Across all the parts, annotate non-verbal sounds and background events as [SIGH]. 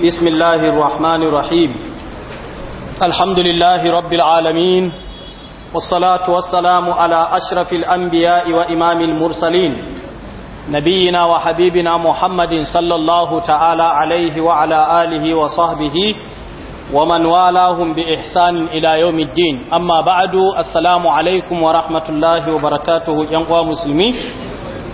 بسم الله الرحمن الرحيم الحمد لله رب العالمين والصلاة والسلام على أشرف الأنبياء وإمام المرسلين نبينا وحبيبنا محمد صلى الله تعالى عليه وعلى آله وصحبه ومن والاهم بإحسان إلى يوم الدين أما بعد السلام عليكم ورحمة الله وبركاته ينقوى مسلمين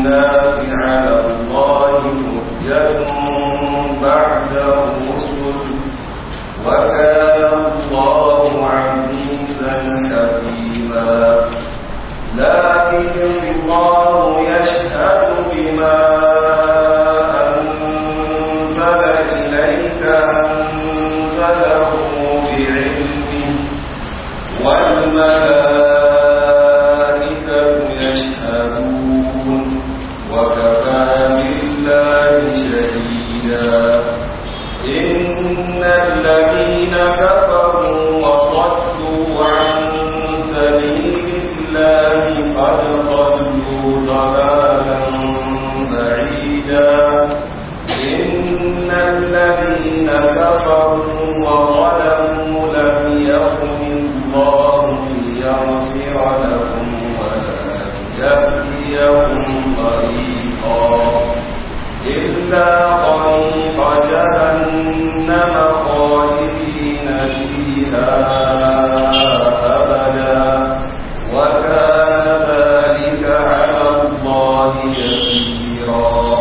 الناس على الله حجة بعد الرسل وكان الله عزيزا حكيما لكن الله يشهد بما أنزل إليك أنزله بعلمه والملائكة هدى إن الذين كفروا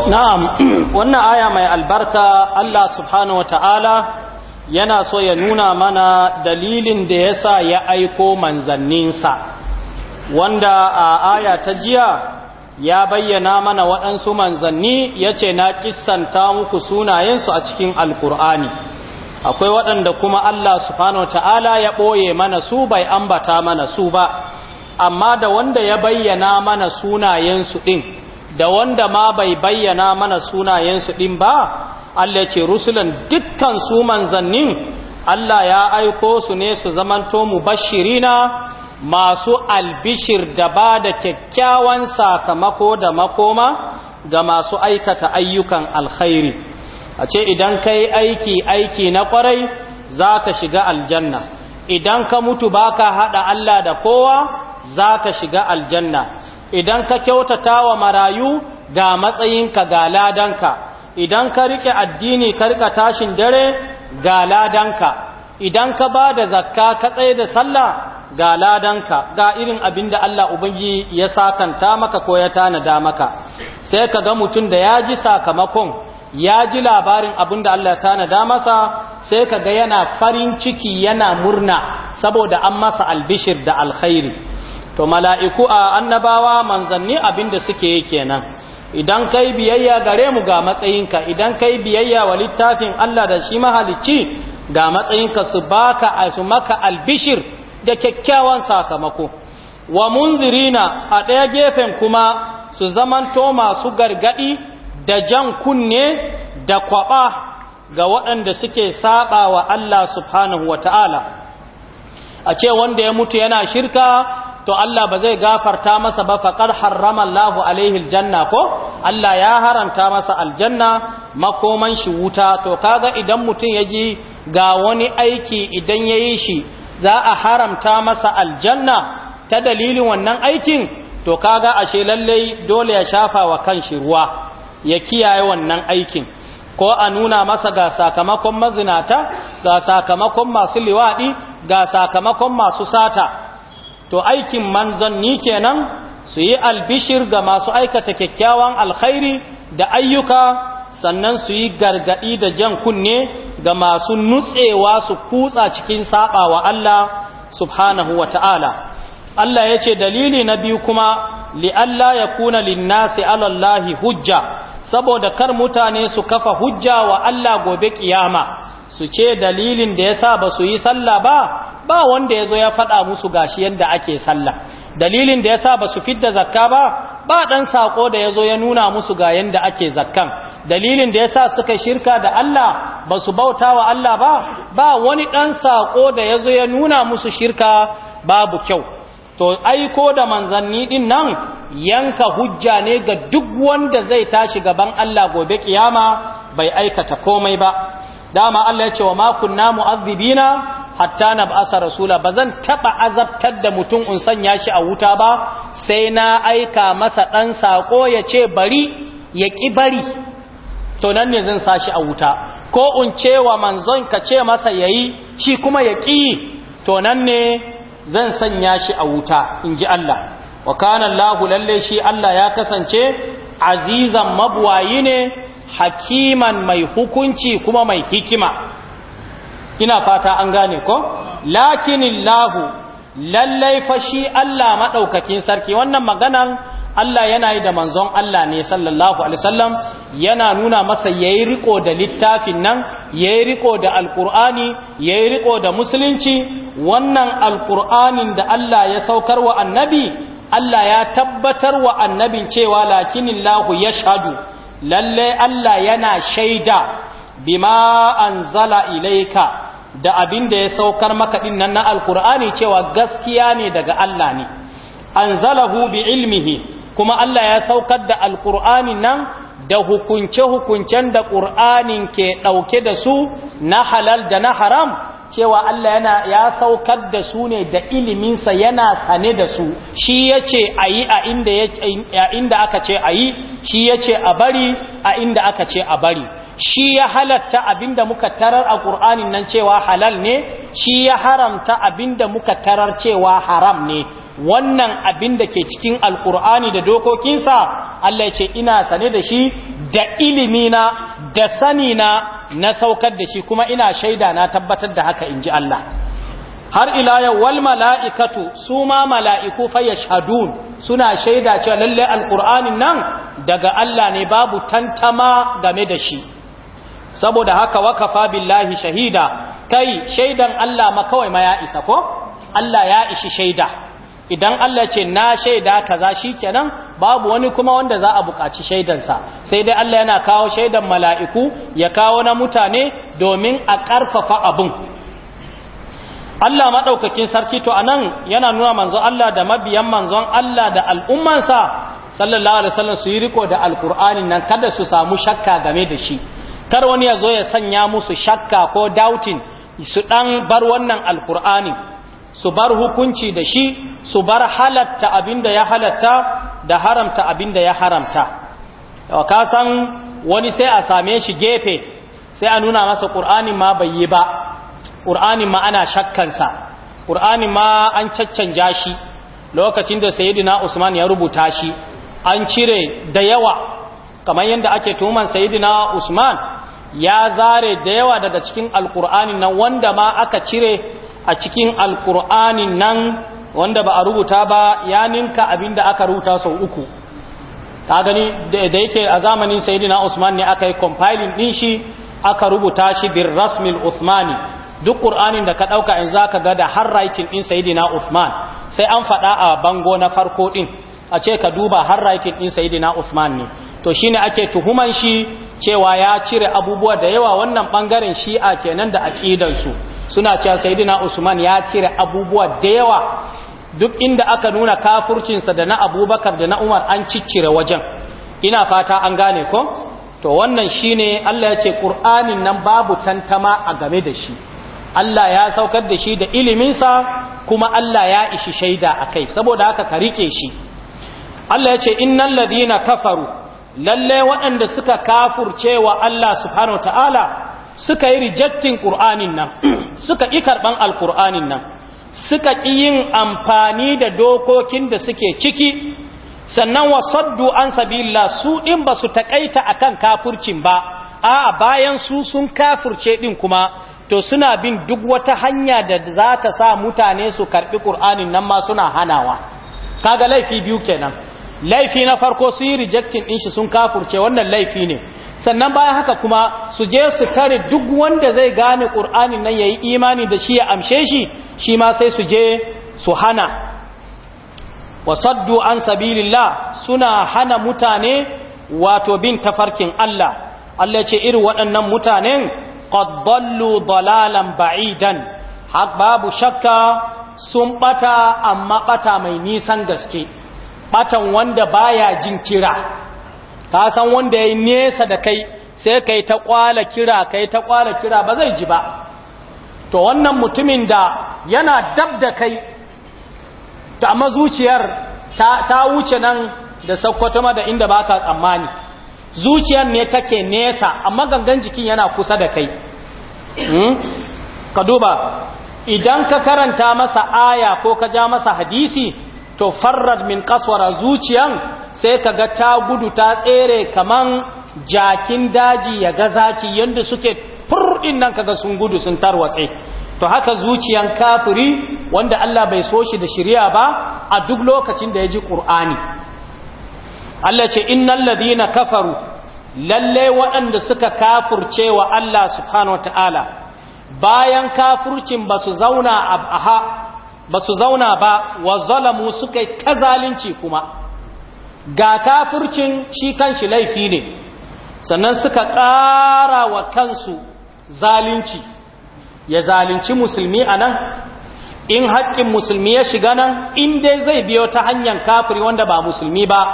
na'am [CLEARS THROAT] wannan aya mai albarka Allah subhanahu wata'ala yana so ya nuna mana dalilin da yasa ya aiko manzanninsa wanda a aya ta jiya ya bayyana mana waɗansu manzanni ya ce na kissanta muku sunayensu a cikin alkur'ani akwai waɗanda kuma Allah subhanahu wata'ala ya ɓoye mana su bai ambata mana su ba amma da wanda ya bayyana mana sunayensu ɗin da wanda ma bai bayyana mana sunayensu ɗin ba Allah ce rusulan dukkan su manzannin Allah ya aiko su ne su zamanto mu bashirina masu albishir da ba da kyakkyawan sakamako da makoma ga masu aikata ayyukan alkhairi a ce idan ka aiki aiki na kwarai za ka shiga aljanna idan ka mutu baka haɗa Allah da kowa za ka shiga aljanna idan ka kyautata wa marayu ga matsayinka ga ladanka idan ka rike addini ka rika tashin dare ga ladanka idan ka ba da zakka ka tsaye da sallah ga ladanka ga irin abin da Allah ubangi ya sakanta maka ko ya tanada maka sai ka ga mutum da ya ji sakamakon ya ji labarin abin da Allah ya tanada masa sai ka ga yana farin ciki yana murna saboda an masa albishir da alkhairi to mala'iku a annabawa manzanni abinda suke yi kenan idan kai biyayya gare mu ga matsayinka idan kai biyayya wa littafin Allah da shi mahalicci ga matsayinka su baka su maka albishir da kyakkyawan sakamako wa munzirina a ɗaya gefen kuma su zamanto masu gargadi da jan kunne da kwaɓa, ga waɗanda suke saba wa Allah subhanahu wa ta'ala a ce wanda ya mutu yana shirka to Allah ba zai gafarta masa ba faqad harrama Allahu alaihi aljanna ko Allah ya haramta masa aljanna makoman shi wuta to kaga idan mutun yaji ga wani aiki idan yayi shi za a haramta masa aljanna ta dalilin wannan aikin to kaga ashe lallai dole ya shafa wa kanshi ruwa ya kiyaye wannan aikin ko a nuna masa ga sakamakon mazinata ga sakamakon masu liwaɗi ga sakamakon masu sata to aikin manzon ni kenan su yi albishir ga masu aikata kyakkyawan alkhairi da ayyuka sannan su yi gargadi da jan kunne ga masu nutsewa su kutsa cikin saba Allah subhanahu wa ta'ala Allah ya ce dalili na biyu kuma li'alla ya kuna linnasi alallahi hujja saboda kar mutane su kafa hujja wa Allah gobe kiyama su ce dalilin da yasa ba su yi sallah ba ba wanda yazo ya faɗa musu gashi yanda ake sallah dalilin da yasa ba su fidda zakka ba ba dan sako da yazo ya nuna musu ga yanda ake zakkan dalilin da yasa suka shirka da Allah ba su bauta wa Allah ba ba wani dan sako da yazo ya nuna musu shirka babu kyau to aiko da manzanni din nan yanka hujja ne ga duk wanda zai tashi gaban Allah gobe kiyama bai aikata komai ba dama Allah ya ce wa ma kunna mu'azzibina hatta nab'asa rasula bazan taɓa azabtar da mutum in sanya shi a wuta ba sai na aika masa ɗan sako ya ce bari ya ki bari to nan ne zan sa shi a wuta ko in cewa manzon ka ce masa yayi shi kuma ya ki to nan ne zan sanya shi a wuta in ji Allah wa kana Allah lalle shi Allah ya kasance azizan mabwayi ne hakiman mai hukunci kuma mai hikima ina fata an gane ko lakinillahu lallai fa shi Allah madaukakin sarki wannan magana Allah yana yi da manzon Allah ne sallallahu alaihi wasallam yana nuna masa yayi riko da littafin nan yayi riko da alqur'ani yayi riko da musulunci wannan alƙur'anin da Allah ya saukar wa annabi Allah ya tabbatar wa annabin cewa lakinin lahu ya shadu lalle Allah yana shaida bima anzala ilaika da abin da ya saukar maka din nan na alkur'ani cewa gaskiya ne daga Allah ne anzalahu bi ilmihi kuma Allah ya saukar da alkur'ani nan da hukunce hukuncen da ƙur'anin ke ɗauke da su na halal da na haram cewa Allah yana ya saukar da su ne da iliminsa yana sane da su shi ya ce a yi a inda aka ce a yi shi ya ce a bari a inda aka ce a bari shi ya halatta abinda muka tarar a ƙur'anin nan cewa halal ne shi ya haramta abinda muka tarar cewa haram ne wannan abin da ke cikin alkur'ani da dokokinsa Allah ya ce ina sane da shi da ilimina da sanina na saukar da shi kuma ina shaida na tabbatar da haka in ji Allah har ila yau wal mala'ikatu su ma mala'iku fayashhadun suna shaida cewa lalle alkur'anin nan daga Allah ne babu tantama game da shi saboda haka wakafa billahi shahida kai shaidan Allah ma kawai ma ya isa ko Allah ya ishi shaida idan Allah ce na shaida kaza shikenan babu wani kuma wanda za a buƙaci shaidansa sai dai Allah yana kawo shaidan mala'iku ya kawo na mutane domin a ƙarfafa abin Allah maɗaukakin sarki to anan yana nuna manzo Allah da mabiyan manzon Allah da al'ummansa sallallahu alaihi wasallam su yi riko da alkur'ani nan kada su samu shakka game da shi kar wani ya zo ya sanya musu shakka ko doubting su dan bar wannan alkur'ani su bar hukunci da shi su bar halatta abinda ya halatta da haramta abinda ya haramta ka san wani sai a same shi gefe sai a nuna masa qur'ani ma bai yi ba ƙur'anin ma ana shakkansa qur'ani ma an caccanja shi lokacin da Sayyidina usman ya rubuta shi an cire da yawa kamar yadda ake tuman Sayyidina usman ya zare da yawa daga cikin alqur'ani nan wanda ma aka cire a cikin alqur'ani nan wanda ba a rubuta ba ya ninka abin da aka rubuta sau uku ta gani da yake a zamanin sayidina usman ne aka yi compiling din shi aka rubuta shi bin rasmin usmani duk ƙur'anin da ka ɗauka in za ka ga da handwriting ɗin sayidina usman sai an faɗa a bango na farko ɗin a ce ka duba handwriting ɗin sayidina usman ne to shine ake tuhuman shi cewa ya cire abubuwa da yawa wannan ɓangaren shi'a kenan da aƙidansu suna cewa sayyidina usman ya cire abubuwa da yawa duk inda aka nuna kafurcinsa da na abubakar da na umar an ciccire wajen ina fata an gane ko to wannan shine Allah ya ce Qur'anin nan babu tantama a game da shi Allah ya saukar da shi da iliminsa kuma Allah ya ishi shaida a kai saboda haka ka rike shi Allah ya ce innal ladina kafaru lallai waɗanda suka kafurcewa Allah subhanahu ta'ala. suka yi rijettin ƙur'anin nan [CLEARS THROAT] suka ƙi karɓan alƙur'anin nan suka ƙi yin amfani da dokokin da suke ciki sannan wasaddu an sabila su ɗin ba su taƙaita a kan kafurcin ba a bayan su sun kafurce ɗin kuma to suna bin duk wata hanya da za ta sa mutane su karɓi ƙur'anin nan ma suna hanawa kaga laifi biyu kenan laifi na farko su yi rejectin shi sun kafurce wannan laifi ne sannan bayan haka kuma su je su kare duk wanda zai gane ƙur'ani nan ya yi imani da shi ya amshe shi shi ma sai su je su hana wasaddu an sabilillah suna hana mutane wato bin tafarkin Allah Allah ce irin waɗannan mutanen qad dallu dalalan ba'idan babu shakka sun bata amma bata mai nisan gaske batan wanda baya jin kira ka san wanda yayi nesa da kai sai kai ta kwala kira kai ta kwala kira ba zai ji ba to wannan mutumin da yana dab da kai to amma zuciyar ta, ta wuce nan da ma da inda baka tsammani zuciyar ne take nesa amma gangan jikin yana kusa da kai hmm? ka duba idan ka karanta masa aya ko ka ja masa hadisi to farrad min kaswara zuciyan sai kaga ta gudu ta tsere kaman jakin daji ya ga zaki yadda suke furdin nan kaga sun gudu sun tarwatse to haka zuciyan kafiri wanda Allah bai so shi da shari'a ba a duk lokacin da ya ji Qur'ani Allah ce innal ladina kafaru lalle waɗanda suka kafurce wa Allah subhanahu wataala bayan kafurcin ba su zauna a ba su zauna ba wa zalamu suka ta zalunci kuma ga kafircin shi kanshi laifi ne sannan suka ƙara wa kansu zalunci ya zalunci musulmi a nan in haƙƙin musulmi ya shiga nan in dai zai biyo ta hanyar kafiri wanda ba musulmi ba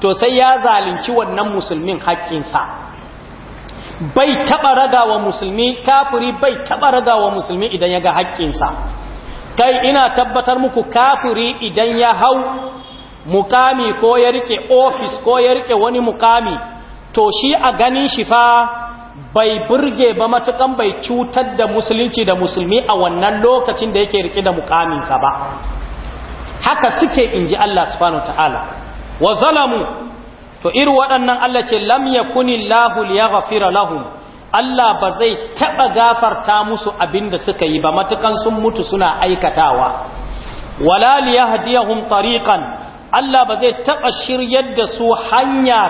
to sai ya zalunci wannan musulmin haƙƙinsa bai taɓa raga musulmi kafiri bai taɓa ragawa musulmi idan ya ga haƙƙinsa kai ina tabbatar muku kafiri idan ya hau mukami ko ya rike ofis ko ya rike wani mukami to shi a ganin shi fa bai burge ba matukan bai cutar da musulunci da musulmi a wannan lokacin da yake rike da mukaminsa ba haka suke inji Allah subhanahu ta'ala wa zalamu to irin waɗannan Allah ce lam yakuni lahu liyaghfira lahum Allah ba zai taɓa gafarta musu abin da suka yi ba matukan sun mutu suna aikatawa Walali wala liyahdiyahum tariqan Allah ba zai taɓa shiryar da su hanya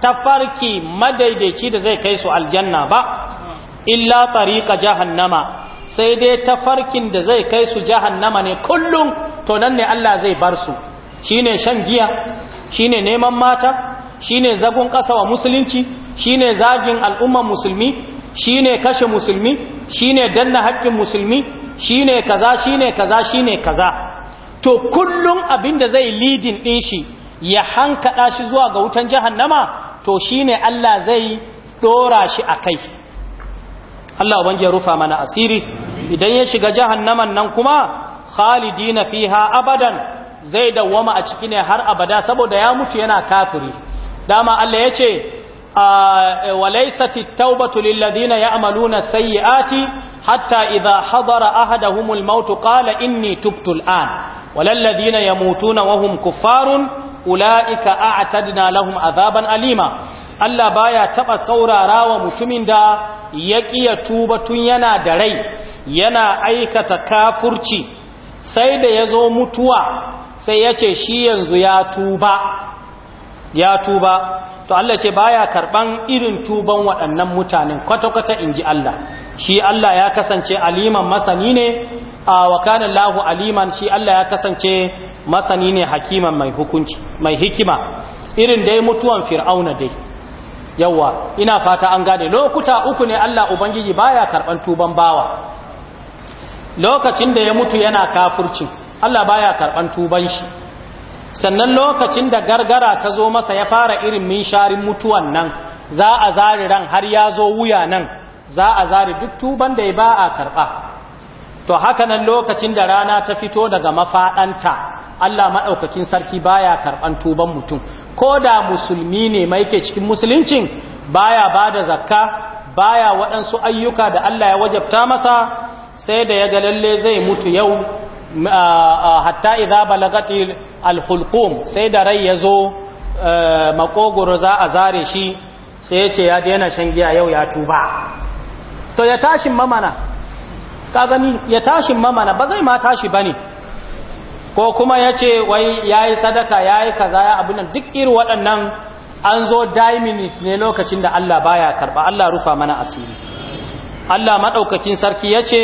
ta farki madaidaici da zai kai su aljanna ba illa tariqa jahannama sai dai tafarkin da zai kai su jahannama ne kullum to nan ne Allah zai bar su shine shan giya shine neman mata shine zagon ƙasa wa musulunci shine zagin al'ummar musulmi Shi ne kashe musulmi shi ne danna haƙƙin musulmi shi shine kaza shine kaza shine kaza to kullum abin da zai lidin ɗin shi ya hankaɗa shi zuwa ga wutan jahannama to shi ne Allah zai ɗora shi a kai. Allah ubangiji ya rufa mana asiri idan ya shiga jahannaman nan kuma khalidina fiha abadan zai dawwama a ciki ne har abada saboda ya mutu yana kafiri dama Allah ya ce. وليست التوبة للذين يعملون السيئات حتى إذا حضر أحدهم الموت قال إني تبت الآن وللذين يموتون وهم كفار أولئك أعتدنا لهم azaban أليما Allah baya taba saurarawa mutumin da ya kiya tuba tun yana da rai yana aikata kafurci sai da yazo mutuwa sai yace shi yanzu ya tuba to Allah ce baya karban irin tuban waɗannan mutanen kwata-kwata in ji Allah shi Allah ya kasance aliman masani ne a wakanin lahu aliman shi Allah ya kasance masani ne hakiman mai hukunci mai hikima irin dai mutuwan fir'auna dai yawa ina fata an gane lokuta uku ne Allah ubangiji baya karban tuban bawa lokacin da ya mutu yana kafurci Allah baya karban tuban shi sannan lokacin da gargara ta zo masa ya fara irin minsharin mutuwan nan za a zari ran har ya zo wuya nan za a zari duk tuban da ya ba a karɓa to haka nan lokacin da rana ta fito daga mafaɗanta Allah maɗaukakin sarki baya karɓan tuban mutum ko da musulmi ne mai ke cikin musuluncin baya ba da zakka baya waɗansu ayyuka da Allah ya wajabta masa sai da ya ga lalle zai mutu yau hatta idza balagatil alhulqum sai da rai ya zo eh, makogoro za a zare shi sai ya ce ya daina shan giya yau ya tuba to ya tashin mamana ka ya tashin mamana ba zai ma tashi ba ne ko kuma ya ce wai ya yi sadaka ya yi kaza ya abin nan duk irin waɗannan an zo daiminis ne lokacin da Allah baya karba Allah rufa mana asiri Allah maɗaukakin sarki ya ce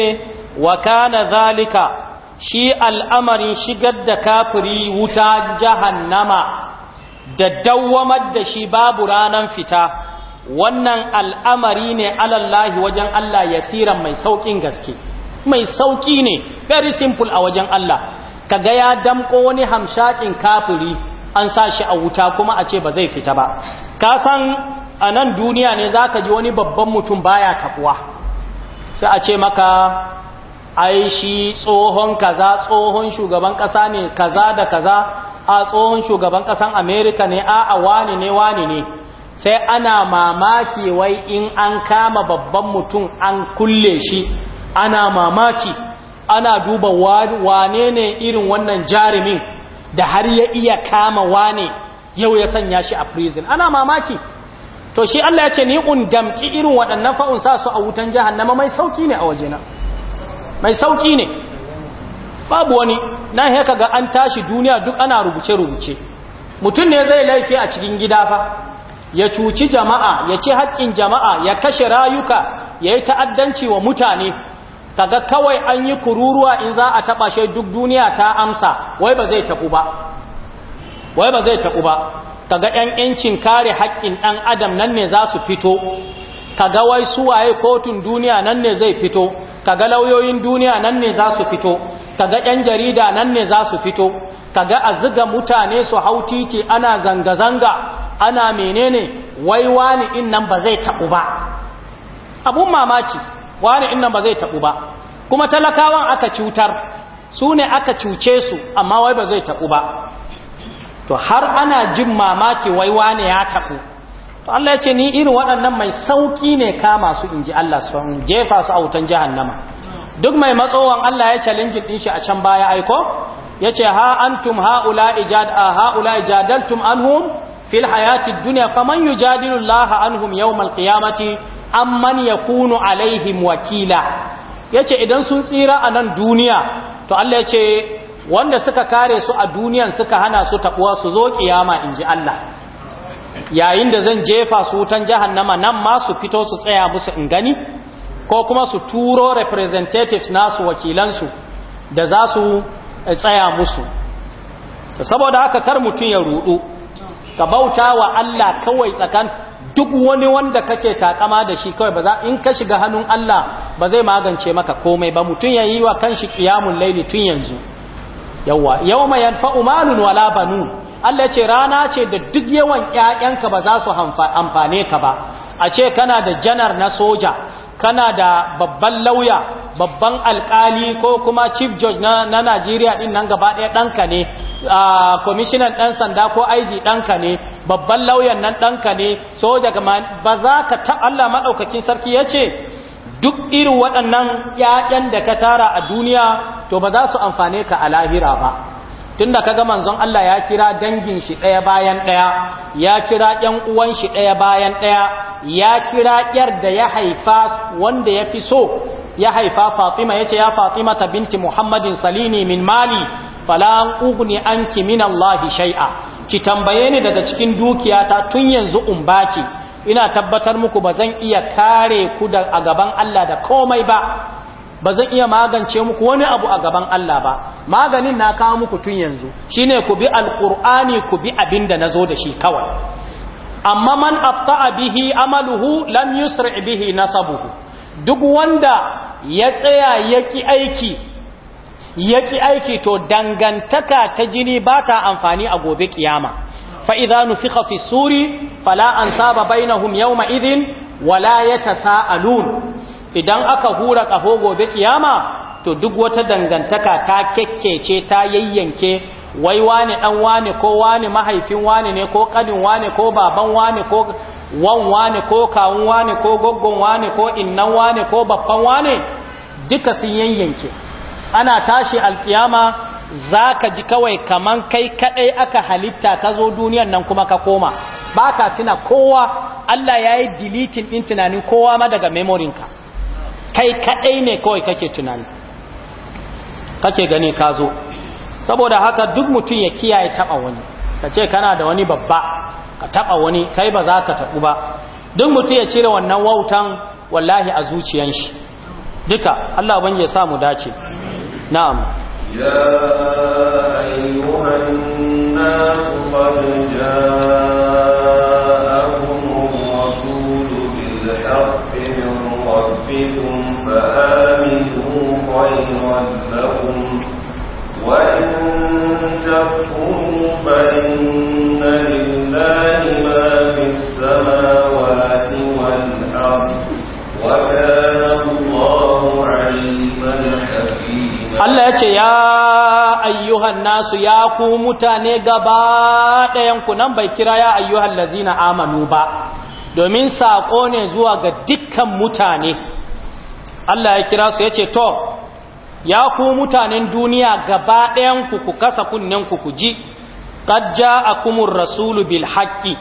wa kana zalika shi al'amarin shigar da kafiri wuta jahannama da dawwamar da shi babu ranar fita wannan al'amari ne alallahi wajen Allah yasira mai sauƙin gaske mai sauƙi ne very simple a wajen Allah kaga ya damƙo wani hamshakin kafiri an sa shi a wuta kuma a ce ba zai fita ba ka san a nan duniya ne za ka ji wani babban mutum baya taɓuwa sai a ce maka ai shi tsohon kaza tsohon shugaban kasa ne kaza da kaza a tsohon shugaban kasan america ne a a wani ne wani ne sai ana mamaki wai in an kama babban mutum an kulle shi ana mamaki ana duba wane ne irin wannan jarumin da har ya iya kama wane yau ya sanya shi a prison ana mamaki to shi Allah ya ce ni damki irin waɗannan fa'un su a wutan jihar jahannama mai sauki ne a wajena mai sauki ne babu wani na haka ga an tashi duniya duk ana rubuce-rubuce mutum ne zai laifi a cikin gida fa ya cuci jama'a ya ce haƙƙin jama'a ya kashe rayuka ya yi ta'addanci wa mutane kaga kawai an yi kururuwa in za a taɓa shai duk duniya ta amsa wai ba zai taɓu ba wai ba zai taɓu ba kaga ‘yan ‘yancin kare haƙƙin ɗan adam nan ne za su fito kaga wai suwaye kotun duniya nan ne zai fito kaga lauyoyin duniya nan ne za su fito kaga yan jarida nan ne za su fito kaga a ziga mutane su hau titi ana zanga-zanga ana menene wai wani in nan ba zai taɓu ba abun mamaki wani in nan ba zai taɓu ba kuma talakawan aka cutar su ne aka cuce su amma wai ba zai taɓu ba to har ana jin mamaki wai wani ya taɓu to Allah ya ce ni irin waɗannan mai sauki ne kama su in ji Allah su jefa su a wutan jahannama duk mai matsowan Allah ya challenge din shi a can baya aiko yace ha antum haula ijad haula ijadaltum anhum fil hayati dunya faman yujadilu Allah anhum yawmal qiyamati amman yakunu alaihim wakila yace idan sun tsira a nan duniya to Allah yace wanda suka kare su a duniyan suka hana su tabuwa su zo kiyama inji Allah yayin da zan jefa su wutan jahannama nan ma su fito su tsaya musu in gani ko kuma su turo representatives nasu wakilansu da za su eh, tsaya musu saboda haka kar mutum ya rudu ka bauta wa Allah kawai tsakan duk wani wanda kake takama da shi kawai ba za in ka shiga hannun Allah ba zai magance maka komai ba mutum ya yi wa kanshi qiyamul laili tun yanzu yawa yawma yanfa'u malun wala banun Allah ce rana ce da duk yawan ƴaƴanka ba za su amfane ka ba a ce kana da janar na soja kana da babban lauya babban alkali ko kuma chief judge na, na Najeriya din nan gaba ɗaya ɗanka ne commissioner ɗan sanda ko IG ɗanka ne babban lauyan nan ɗanka ne soja gama ba za ka ta Allah maɗaukakin sarki ya ce duk irin waɗannan ƴaƴan da ka tara a duniya to ba za su amfane ka a lahira ba Tun tunda kaga manzon Allah ya kira dangin shi ɗaya bayan ɗaya ya kira ƴan uwan shi ɗaya bayan ɗaya ya kira ƴar da ya haifa wanda ya fi so ya haifa Fatima yace ya Fatima ta binti Muhammadin salini min mali falan ugni anki min Allah shay'a ki tambaye ni daga cikin dukiyata tun yanzu in baki ina tabbatar muku ba zan iya kare ku da a gaban Allah da komai ba ba zan iya magance muku wani abu a gaban Allah ba maganin na kawo muku tun yanzu shine ku bi alqur'ani ku bi abin da nazo da shi kawai amma man afta'a bihi amaluhu lam yusri bihi nasabuhu duk wanda ya tsaya yaki aiki yaki aiki to dangantaka ta jini ba ta amfani a gobe kiyama fa idza nufikha fi suri fala ansaba bainahum yawma idhin wala yatasaalun idan aka hura ƙaho gobe kiyama to duk wata dangantaka ta kekkece ta yayyanke wai wane dan wane ko wane mahaifin wane ne ko kadin wane ko baban wane ko wan wane ko kawun wane ko goggon wane ko innan wane ko babban wane duka sun yayyanke ana tashi alkiyama zaka ji kawai kaman kai kadai aka halitta ka zo duniyar nan kuma ka koma baka tuna kowa Allah ya yi deleting din tunanin kowa ma daga ka. kai kaɗai ne kawai kake tunani kake gani ka zo saboda haka duk mutum ya kiyaye taɓa wani ka ce kana da wani babba ka taɓa wani kai ba za ka taɓu ba duk mutum ya cire wannan wautan wallahi a zuciyan shi duka Allah ban ya sa mu dace na'am ya ayyuhan nasu qad jaa Allah ya ce, Ya ayyuhan nasu ya ku mutane gaba ɗayanku nan bai kira ya ayyuhan lazina amanu ba, domin saƙo ne zuwa ga dukkan mutane. Allah ya kira su ya ce, to. ya ku mutanen duniya gaba ɗayanku ku kasa kunnenku ku ji ƙajja a rasulu bil haƙƙi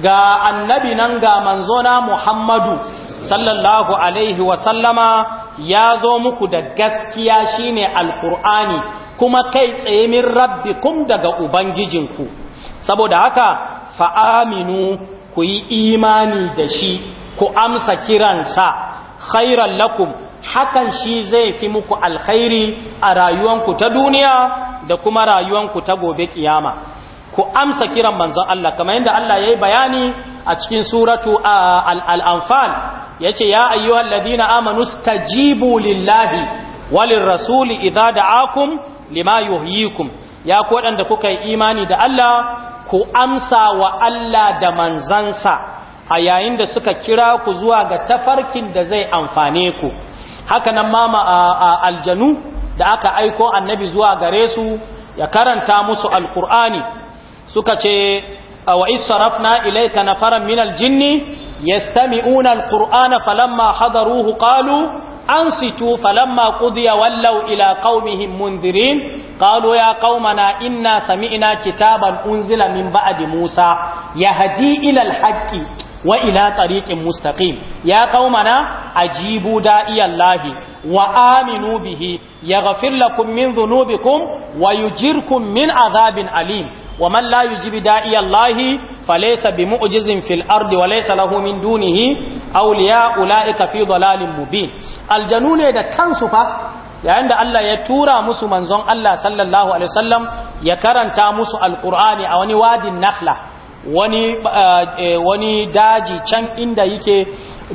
ga annabi nan ga manzona muhammadu sallallahu alaihi wasallama ya zo muku da gaskiya shine alkur'ani kuma kai tsaye min kun daga ubangijinku saboda haka fa'aminu ku yi imani da shi ku amsa kiransa khairan lakum hakan shi zai fi muku alkhairi a rayuwanku ta duniya da kuma rayuwanku ta gobe kiyama ku amsa kiran manzon Allah kamar yadda Allah ya yi bayani a cikin suratu al ya yace ya ayyuhal ladina amanu stajibu lillahi walin rasuli idza da'akum lima yuhyikum ya ku wadanda kuka yi imani da Allah ku amsa wa Allah da manzansa a yayin da suka kira ku zuwa ga tafarkin da zai amfane ku haka nan mama aljanu da aka aiko annabi zuwa gare su ya karanta musu alkur'ani suka ce wa israfna ilayka nafaran min aljinni yastami'una alqur'ana falamma hadaruhu qalu ansitu falamma qudiya wallaw ila qaumihim mundirin قالوا يا قومنا إنا سمعنا كتابا أنزل من Musa? موسى يهدي إلى الحق wa ila tariqin mustaqim ya qaumana ajibu lahi wa aminu bihi yaghfir lakum min dhunubikum wa yujirkum min adhabin alim wa man la yujibu da'iyallahi falaysa bimu'jizin fil ardi wa laysa lahu min dunihi awliya ulaika fi dhalalin mubin aljanu ne da kansu fa yayin da Allah ya tura musu manzon Allah sallallahu alaihi wasallam ya karanta musu alqur'ani a wani wadin nakhla wani eh, eh, wani daji can inda yake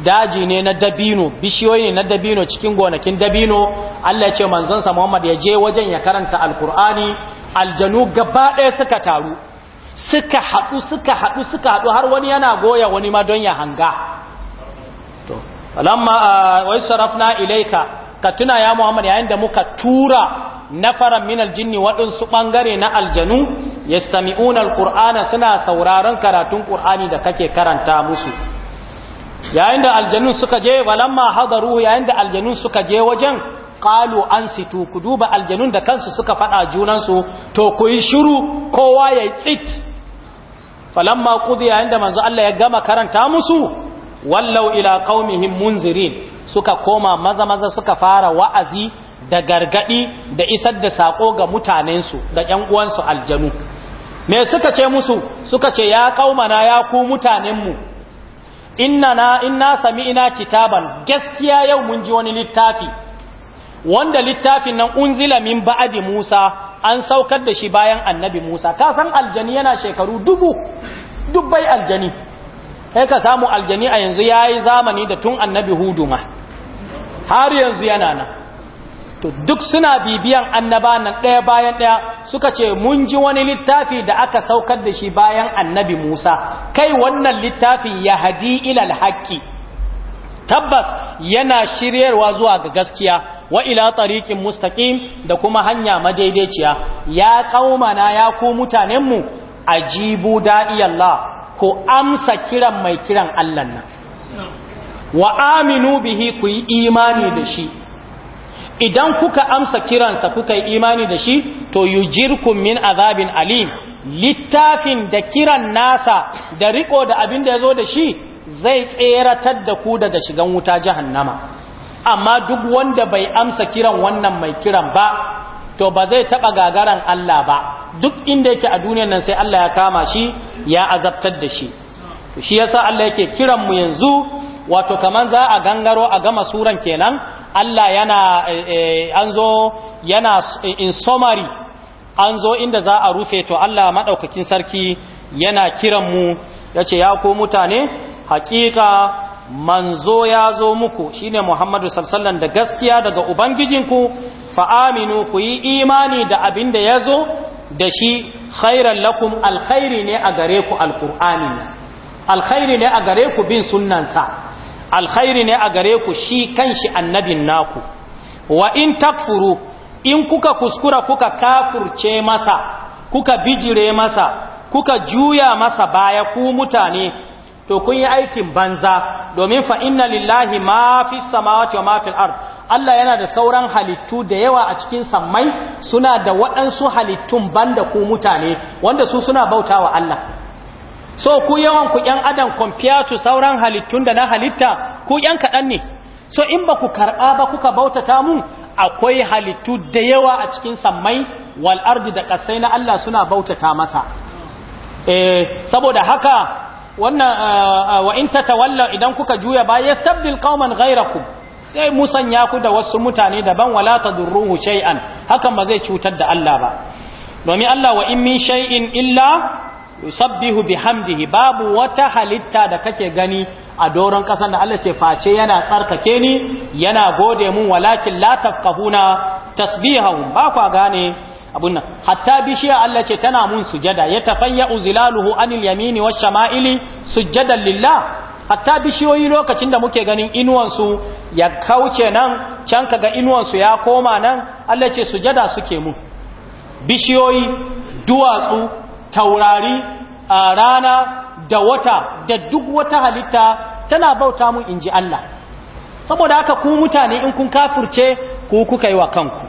daji ne na dabino bishiyoyi na dabino cikin gonakin dabino Allah ya ce manzonsa Muhammad ya je wajen ya karanta alkur'ani aljanu gaba ɗaya suka taru suka haɗu suka haɗu suka haɗu har wani yana goya wani ma don ya hanga to lamma ah, wai sarafna ilaika ka tuna ya Muhammad yayin da muka tura nafaran minal jinni waɗansu ɓangare na aljanu yastami'una alqur'ana suna sauraron karatun qur'ani da kake karanta musu yayin da aljanun suka je walamma hadaru yayin da aljanun suka je wajen ƙalu ansitu ku duba aljanun da kansu suka faɗa junansu to ku yi shiru kowa ya tsit falamma qudi yayin da manzo Allah ya gama karanta musu wallau ila qaumihim munzirin suka koma maza maza suka fara wa'azi da gargadi da isar da sako ga mutanensu da ƴan uwansu aljanu me suka ce musu suka ce ya kaumana ya ku mutanenmu inna na inna ina kitaban gaskiya yau mun ji wani littafi wanda littafin nan unzila min ba'di Musa an saukar da shi bayan annabi Musa ka san aljani yana shekaru dubu dubbai aljani kai ka samu aljani a yanzu yayi zamani da tun annabi Huduma? har yanzu yana nan to duk suna bibiyan annaba nan ɗaya bayan ɗaya suka ce mun ji wani littafi da aka saukar da shi bayan annabi Musa kai wannan littafi ya hadi ilal haƙƙi tabbas yana shiryarwa zuwa ga gaskiya wa ila tariqin mustaqim da kuma hanya madaidaiciya ya kaumana ya ku mutanenmu ajibu da'iyallah ko amsa kiran mai kiran Allah nan wa aminu bihi ku yi imani da shi idan kuka amsa kiransa kuka yi imani da shi to yujirkum min azabin alim littafin da kiran nasa da riko da abin da ya zo da shi zai tseratar da ku daga shigan wuta jahannama amma duk wanda bai amsa kiran wannan mai kiran ba to ba zai taɓa gagaran Allah ba duk inda yake a duniyan nan sai Allah ya kama shi ya azabtar da shi shi yasa Allah yake kiran mu yanzu wato kaman za a gangaro a gama suran kenan Allah yana eh, eh, an zo yana in summary an zo inda za a rufe to Allah maɗaukakin sarki yana kiran mu ya ya ko mutane hakika manzo ya zo muku shine Muhammadu sallallahu da gaskiya daga ubangijinku fa'aminu ku yi imani da abinda da ya zo da shi khairan lakum alkhairi ne a gare ku alkur'ani alkhairi ne a gare ku bin sunnansa alkhairi ne a gare ku shi kanshi annabin naku wa in takfuru in kuka kuskura kuka kafurce masa kuka bijire masa kuka juya masa baya ku mutane to kun yi aikin banza domin fa inna lillahi ma fi samawati wa ma fil ard Allah yana da sauran halittu da yawa a cikin sammai suna da waɗansu halittun banda ku mutane wanda su suna bautawa Allah so ku yawan ku yan adam compare sauran halittun da na halitta ku yan kaɗan ne so in ba ku karɓa ba kuka bautata mun akwai halittu da yawa a cikin sammai wal ardi da ƙasai na Allah suna bautata masa eh saboda haka wannan eh, wa in ta tawalla idan kuka juya ba yastabdil qauman ku sai musanya ku da wasu mutane daban wala tadurruhu shay'an hakan ba zai cutar da Allah ba domin Allah wa in min shay'in illa yusabbihu bihamdihi babu wata halitta da kake gani a doron kasan da Allah ce face yana tsarkake ni yana gode mun walakin la tafqahuna tasbihahum ba kwa gane abun hatta bishiya Allah ce tana mun sujada ya tafayya uzilaluhu anil yamini wash shama'ili sujadan lillah hatta bishiyoyi lokacin da muke ganin inuwan su ya kauce nan can kaga su ya koma nan Allah ce sujada suke mu bishiyoyi duwatsu taurari a rana da wata da duk wata halitta tana bauta mun inji Allah saboda haka ku mutane in kun kafirce ku kuka yi wa kanku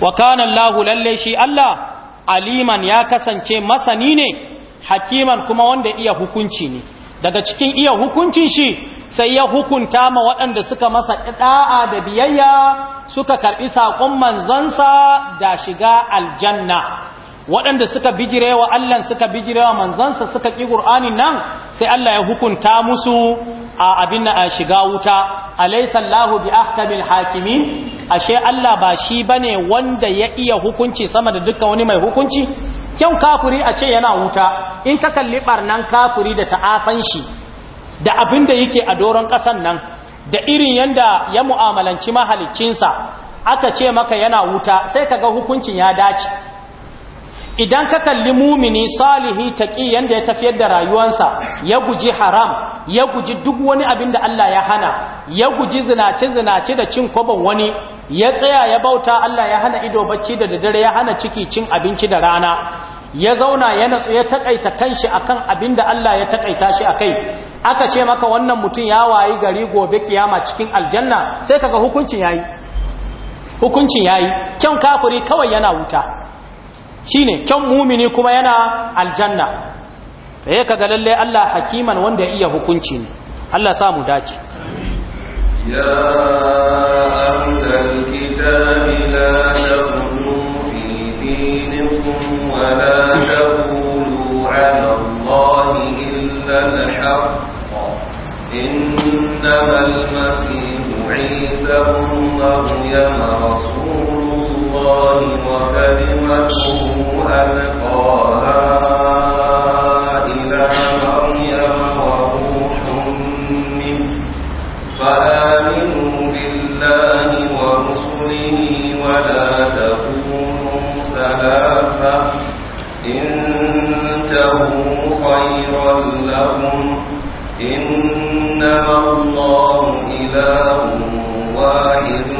wa kana Allah lalle shi Allah aliman ya kasance masani ne hakiman kuma wanda iya hukunci ne daga cikin iya hukuncin shi sai ya hukunta ma waɗanda suka masa ɗa'a da biyayya suka karɓi saƙon manzansa da shiga aljanna waɗanda suka bijirewa Allah suka bijirewa manzansa suka ƙi ƙur'anin nan sai Allah ya hukunta musu a abin a shiga wuta alaisallahu bi ahkamil hakimi, ashe Allah ba shi ba ne wanda ya iya hukunci sama da dukkan wani mai hukunci kyau kafuri a ce yana wuta in ka kalli ɓarnan kafuri da ta'asan shi da abin da yake a doron ƙasan nan da irin yanda ya mu'amalanci mahalicinsa aka ce maka yana wuta sai ka ga hukuncin ya dace idan ka kalli mumini salihi taqi yanda ya tafiyar da rayuwarsa ya guji haram ya guji duk wani abin da Allah ya hana ya guji zinace zinace da cin kwabon wani ya tsaya ya bauta Allah ya hana ido bacci da dare ya hana ciki cin abinci da rana ya zauna ya natsu ya takaita kanshi akan abin da Allah ya takaita shi akai aka ce maka wannan mutum ya wayi gari gobe kiyama cikin aljanna sai kaga hukuncin yayi hukuncin yayi kyan kafiri kawai yana wuta shine kyan mumini kuma yana aljanna eh kaga lalle Allah hakiman wanda iya hukunci ne Allah sa mu dace ya amdan kitabi la taqulu fi dinikum wa la taqulu ala allahi illa al-haqq innama masih isa ibn maryam rasul وكلمته ألقاها إلى مريم وروح فآمنوا بالله ورسله ولا تكونوا خيرا إنما الله إله واحد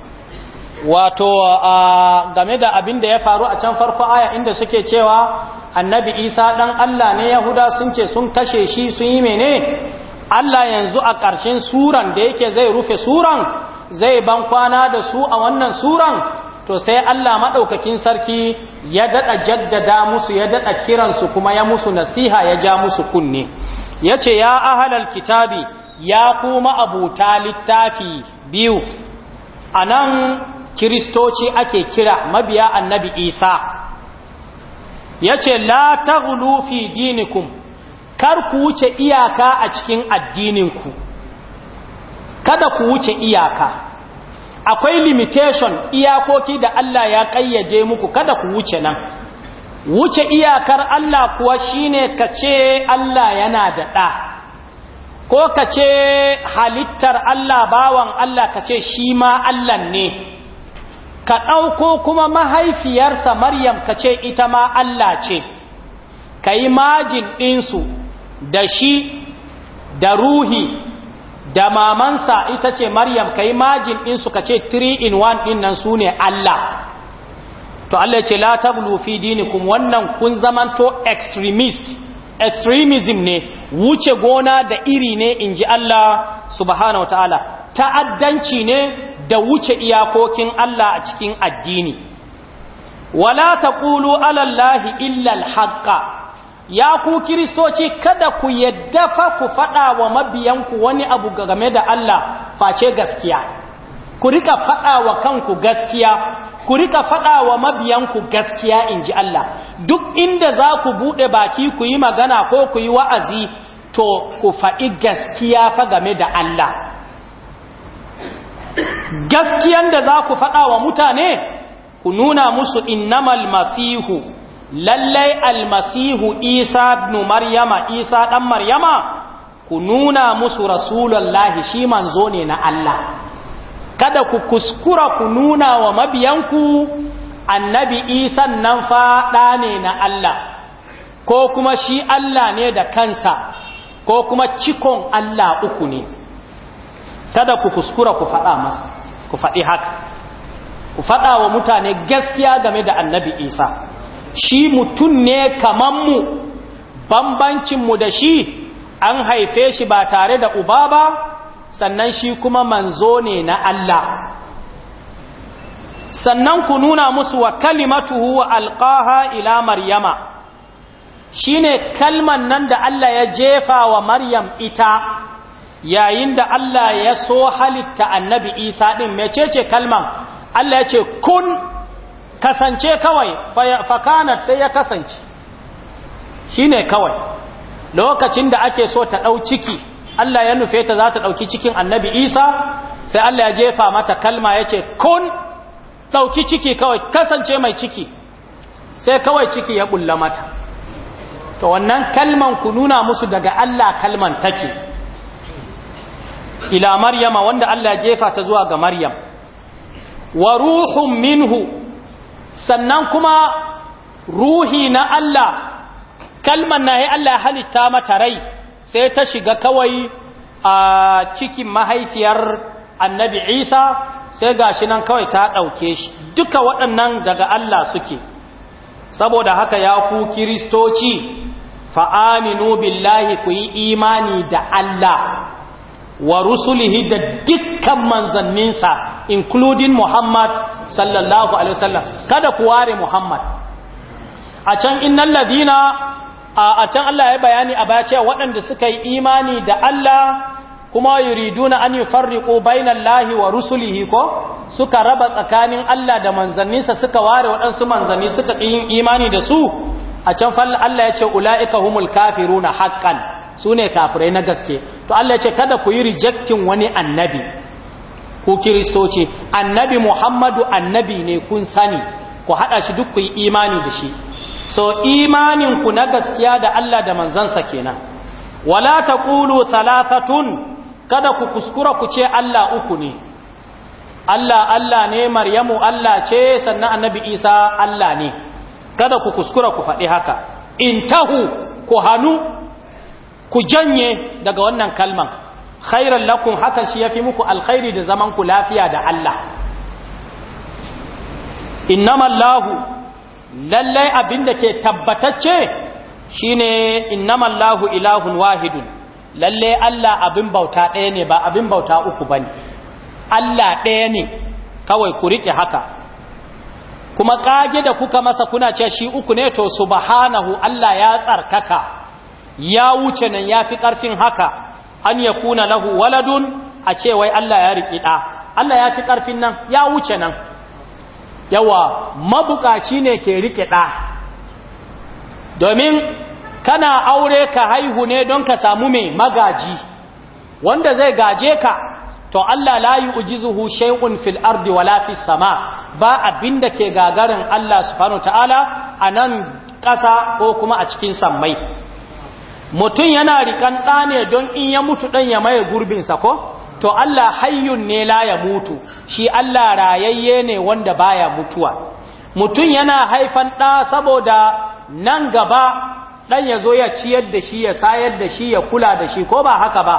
wato a game da abin da ya faru a can farko aya inda suke cewa annabi isa dan Allah ne yahuda sun ce sun kashe shi sun yi mene Allah yanzu a ƙarshen suran da yake zai rufe suran zai ban kwana da su a wannan suran to sai Allah maɗaukakin sarki ya daɗa jaddada musu ya daɗa kiransu kuma ya musu nasiha ya ja musu kunne ya ce ya ahalal kitabi ya kuma abuta littafi biyu a nan kiristoci ake kira mabiya annabi isa ya ce la ta fi dinikun kar ku wuce iyaka a cikin addininku kada ku wuce iyaka akwai limitation iyakoki da Allah ya ƙayyaje muku kada ku wuce nan wuce iyakar Allah kuwa shine ka ce Allah yana da ɗa ko ka ce halittar Allah bawan Allah ka ce shi ma Allah ne ka ɗauko kuma mahaifiyarsa maryam ka ce ita ma Allah ce ka yi majin ɗinsu da shi da ruhi da mamansa ita ce maryam ka yi majin ɗinsu ka ce 3 in 1 din nan su ne Allah to Allah ce la tablu fi dinikum wannan kun zamanto extremist extremism ne wuce gona da iri ne inji Allah subhanahu wa ta'addanci ne da wuce iyakokin Allah a cikin addini wala taqulu ala llahi illa alhaqa ya ku kristoci kada ku yadda fa ku fada wa mabiyanku wani abu game da Allah face gaskiya ku rika fada wa kanku gaskiya ku rika fada wa mabiyanku gaskiya in ji Allah duk inda za ku buɗe baki ku yi magana ko ku yi wa'azi to ku faɗi gaskiya fa game da Allah gaskiyan da za ku faɗa wa mutane ku nuna musu innamal masihu lallai almasihu isa ibn maryama isa ɗan maryama ku nuna musu rasulullahi shi manzo ne na Allah kada ku kuskura ku nuna wa mabiyanku annabi isan nan faɗa ne na Allah ko kuma shi Allah ne da kansa ko kuma cikon Allah uku ne kada ku kuskura ku faɗa masa ku faɗi haka ku faɗa wa mutane gaskiya game da annabi isa shi mutum ne kamanmu bambancinmu da shi an haife shi ba tare da uba ba sannan shi kuma manzo ne na Allah sannan ku nuna musu wa kalimatuhu wa alqaha ila maryama shine kalman nan da Allah ya jefa wa maryam ita yayin da Allah ya so halitta annabi isa ɗin mecece kalman Allah ya ce kun kasance kawai fakanat sai ya kasance shi ne kawai lokacin da ake so ta ɗau ciki Allah ya nufe ta za ta ɗauki cikin annabi isa sai Allah ya jefa mata kalma ya ce kun ɗauki ciki kawai kasance mai ciki sai kawai ciki ya ɓulla mata to wannan kalman ku nuna musu daga Allah kalman take ila maryama wanda Allah jefa ta zuwa ga maryam wa ruhun minhu sannan kuma ruhi na Allah kalman na Allah halitta mata rai sai ta shiga kawai a cikin mahaifiyar annabi isa sai gashi nan kawai ta ɗauke shi duka waɗannan daga Allah suke saboda haka ya ku kiristoci fa'aminu billahi ku yi imani da Allah wa rusulihi da dukkan manzanninsa including Muhammad sallallahu alaihi wasallam kada ku ware Muhammad a can innal ladina a can Allah ya bayani a baya cewa waɗanda suka yi imani da Allah kuma yuriduna an yufarriqu bainallahi wa rusulihi ko suka raba tsakanin Allah da manzanninsa suka ware waɗansu manzanni suka yi imani da su a can fa Allah ya ce ula'ika humul kafiruna haqqan su ne kafirai na gaske to Allah ce kada ku yi rejectin wani annabi ku kiristoci annabi muhammadu annabi ne kun sani ku haɗa shi duk ku yi imani da shi so imaninku na gaskiya da Allah da manzansa kenan wala taqulu thalathatun kada ku kuskura ku ce Allah uku ne Allah Allah ne Maryamu Allah ce sannan Annabi Isa Allah ne kada ku kuskura ku faɗi haka In tahu ku hanu ku janye daga wannan kalman khairan lakum hakan shi ya fi muku alkhairi da zaman ku lafiya da Allah innamallahu lallai abinda ke tabbatacce shine innamallahu ilahun wahidun lallai Allah abin bauta ɗaya ne ba abin bauta uku ne, Allah ɗaya ne kawai ku riƙe haka kuma kage da kuka masa kuna ce shi uku ne to subhanahu Allah ya tsarkaka ya wuce nan ya fi ƙarfin haka an ya kuna lahu waladun a ce wai Allah ya riƙi ɗa Allah ya fi ƙarfin nan ya wuce nan yawa mabukaci ne ke riƙe ɗa domin kana aure ka haihu ne don ka samu mai magaji wanda zai gaje ka to Allah la yu'jizuhu shay'un fil ardi wala fis sama ba abinda ke gagarin Allah subhanahu a nan ƙasa ko kuma a cikin sammai mutum yana rikan ɗa ne don in ya mutu ɗan ya maye gurbinsa ko to Allah hayyun ne la ya mutu shi Allah rayayye ne wanda baya mutuwa mutum yana haifan ɗa saboda nan gaba ɗan ya zo ya ciyar da shi ya sayar da shi ya kula da shi ko ba haka ba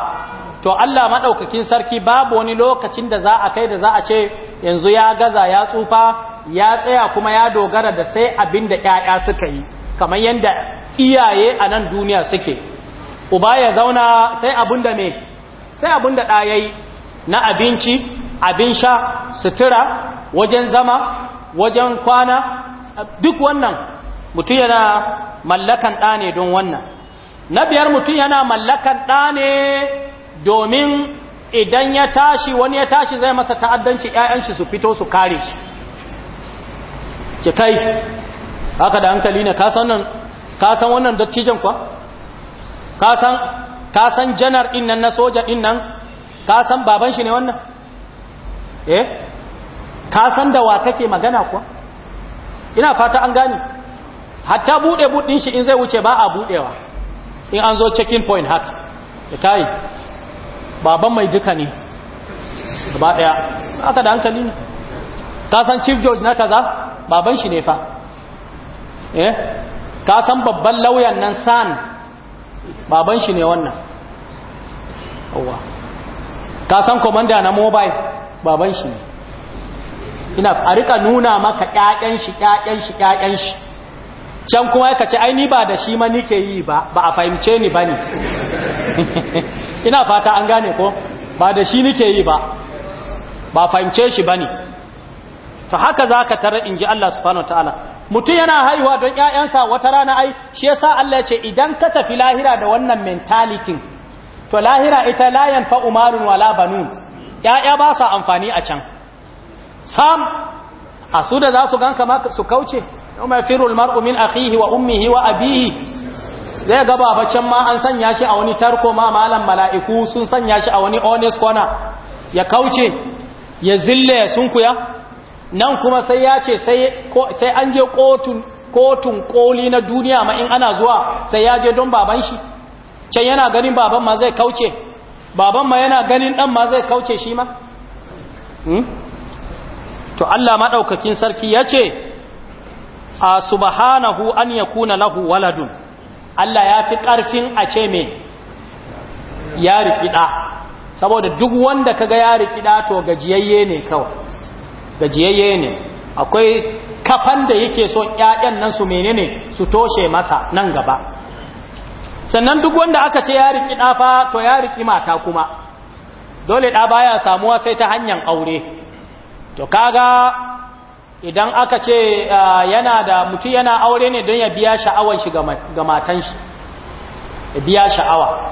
to Allah maɗaukakin sarki babu wani lokacin da za a kai da za a ce yanzu ya gaza ya tsufa ya tsaya kuma ya dogara da sai abin da ‘ya'ya suka yi kamar yadda iyaye a nan duniya suke uba ya zauna sai da me sai abinda ɗa yayi na abinci abin sha sutura wajen zama wajen kwana duk wannan mutum yana mallakan ɗa ne don wannan na biyar mutum yana mallakan ɗa ne domin idan ya tashi wani ya tashi zai masa ta'addanci ‘ya'yanshi su fito su kare shi ki kai haka da hankali ne san nan ka san wannan dattijan kwa ka san ka san janar din nan na soja din nan ka san baban shi ne wannan eh ka san da wa kake magana kwa ina fata an gane hatta bude budin shi in zai wuce ba a budewa in an zo checking point haka ya kai baban mai duka ne ba daya haka da hankali ne ka san chief judge na kaza baban shi ne fa eh ka san babban lauyan nan san baban shi ne wannan ka san komanda na mobile baban shi ne ina a rika nuna maka ƙyaƙen shi ƙyaƙen shi ƙyaƙen shi can kuma ya kace ai ni ba da shi ma nike yi ba ba a fahimce ni bane [LAUGHS] ina fata an gane ko ba da shi nike yi ba ba fahimce shi bane to haka zaka tara inji Allah subhanahu wataala mutum yana haihuwa don ‘ya'yansa wata rana ai shi yasa Allah ce idan ka tafi lahira da wannan mentalitin to lahira ita layan fa umarun wala banun ‘ya'ya ba su amfani a can sam a su da za su gan kama su kauce yau mai firul mar'umin akhihi wa ummihi wa abihi zai ga babacin ma an sanya shi a wani tarko ma malam mala'iku sun sanya shi a wani honest corner ya kauce ya zille ya sunkuya nan kuma sai ya ce sai an je kotun koli na duniya ma in ana zuwa sai ya je don baban shi can yana ganin baban ma zai kauce baban ma yana ganin dan ma zai kauce shi ma hmm? to Allah maɗaukakin sarki ya ce a subhanahu an ya kuna lahu waladun Allah ya fi ƙarfin a ce me ya rikida saboda duk wanda kaga ya rikida to gajiyayye ne kawai gajiyayye ne akwai kafan da yake so ƴaƴan nan su menene su toshe masa nan gaba sannan duk wanda aka ce ya riki ɗafa to ya riki mata kuma dole ɗa baya samuwa sai ta hanyar aure to kaga idan aka ce yana da mutu yana aure ne don ya biya sha'awar shi ga matan shi ya biya sha'awa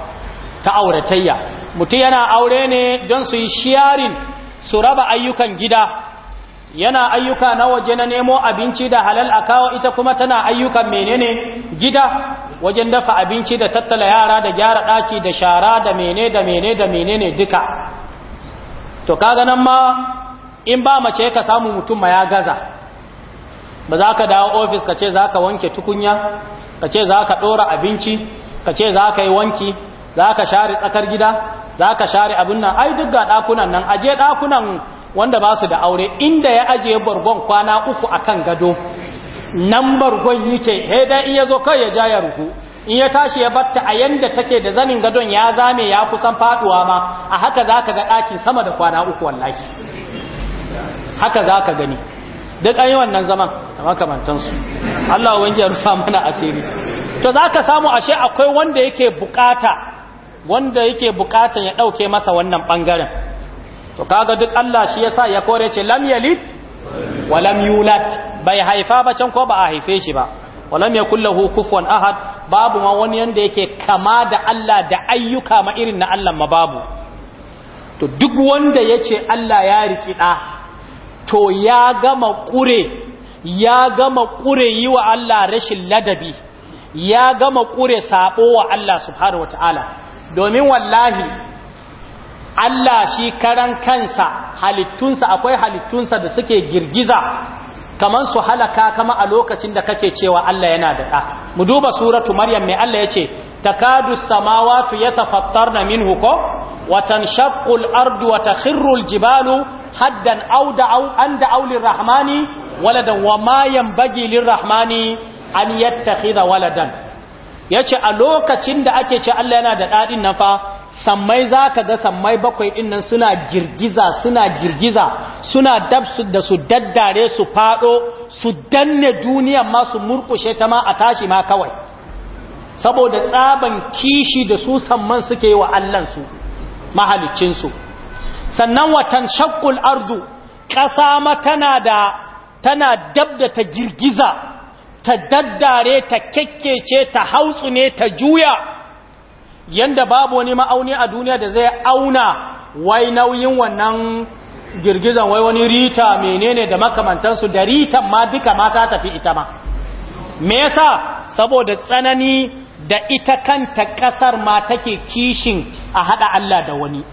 ta auratayya mutu yana aure ne don su yi shiyarin su raba ayyukan gida yana ayyuka na waje na nemo abinci da halal a kawo ita kuma tana ayyukan menene gida wajen dafa abinci da tattala yara da gyara daki da shara da mene da mene da menene duka to kaga nan ma in ba mace ka samu mutum ma ya gaza ba za ka dawo ofis ka ce za ka wanke tukunya ka ce za ka ɗora abinci ka ce za ka yi wanki za ka share tsakar gida za ka share abin nan ai duk ga dakunan nan aje dakunan. wanda ba su da aure inda ya ajiye bargon kwana uku akan gado nan bargon yake heda in ya zo kai ya ja ya ruku in ya tashi ya batta a yanda take da zanin gadon ya zame ya kusan faduwa ma a haka za ka ga ɗakin sama da kwana uku wallahi haka za ka gani duk an yi wannan zaman da makamantansu Allah wani ya rufa mana asiri to za ka samu ashe akwai wanda yake bukata wanda yake bukata ya ɗauke masa wannan ɓangaren to kaga duk Allah shi yasa ya kore ce lam yalid wa lam yulad bai haifa ba can ko ba a haife shi ba wa lam yakul lahu ahad babu ma wani yanda yake kama da Allah da ayyuka ma irin na Allah ma babu to duk wanda yace Allah ya riki da to ya gama kure ya gama kure yi wa Allah rashin ladabi ya gama kure sabo wa Allah subhanahu wataala domin wallahi Allah shi karan kansa halittunsa akwai halittunsa da suke girgiza kamar su halaka kama a lokacin da kake cewa Allah yana da ɗa mu duba suratu maryam mai Allah ya ce takadu samawatu yatafattarna minhu ko wa tanshaqqu ardu wa takhirru jibalu haddan aw da'u an da'u lir-rahmani waladan wa ma yanbaghi lir-rahmani an yattakhidha waladan yace a lokacin da ake ce Allah yana da ɗa din nan fa sammai za ka ga sammai bakwai dinnan suna girgiza suna girgiza suna dab da su daddare su faɗo su danne duniya ma su murkushe ta ma a tashi ma kawai saboda tsaban kishi da su samman suke yi wa allansu mahalicinsu sannan watan shakkul ardu ƙasa ma tana da tana dab da ta girgiza ta daddare ta kekkece ta hautsu ne ta juya yanda babu wani ma'auni a duniya da zai auna wai nauyin wannan girgizan wai wani rita menene da makamantansu da ritan ma duka ma ta tafi ita ma me yasa saboda tsanani da ita kanta kasar ma take kishin a hada Allah da wani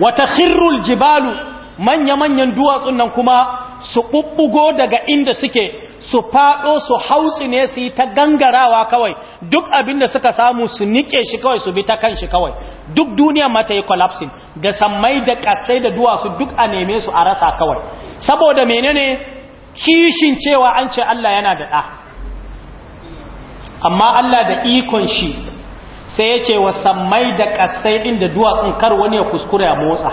wata khirrul jibalu manya-manyan duwatsun nan kuma su ɓuɓɓugo daga inda suke su faɗo su hautsi ne su yi ta gangarawa kawai duk abin da suka samu su nike shi kawai su bi ta kan shi kawai duk duniya mata yi collapsing da sammai da ƙasai da duwatsu duk a neme su a rasa kawai saboda menene kishin cewa an ce Allah yana da ɗa amma Allah da ikon shi sai ya ce wa sammai da ƙasai ɗin da duwatsun kar wani ya kuskure a motsa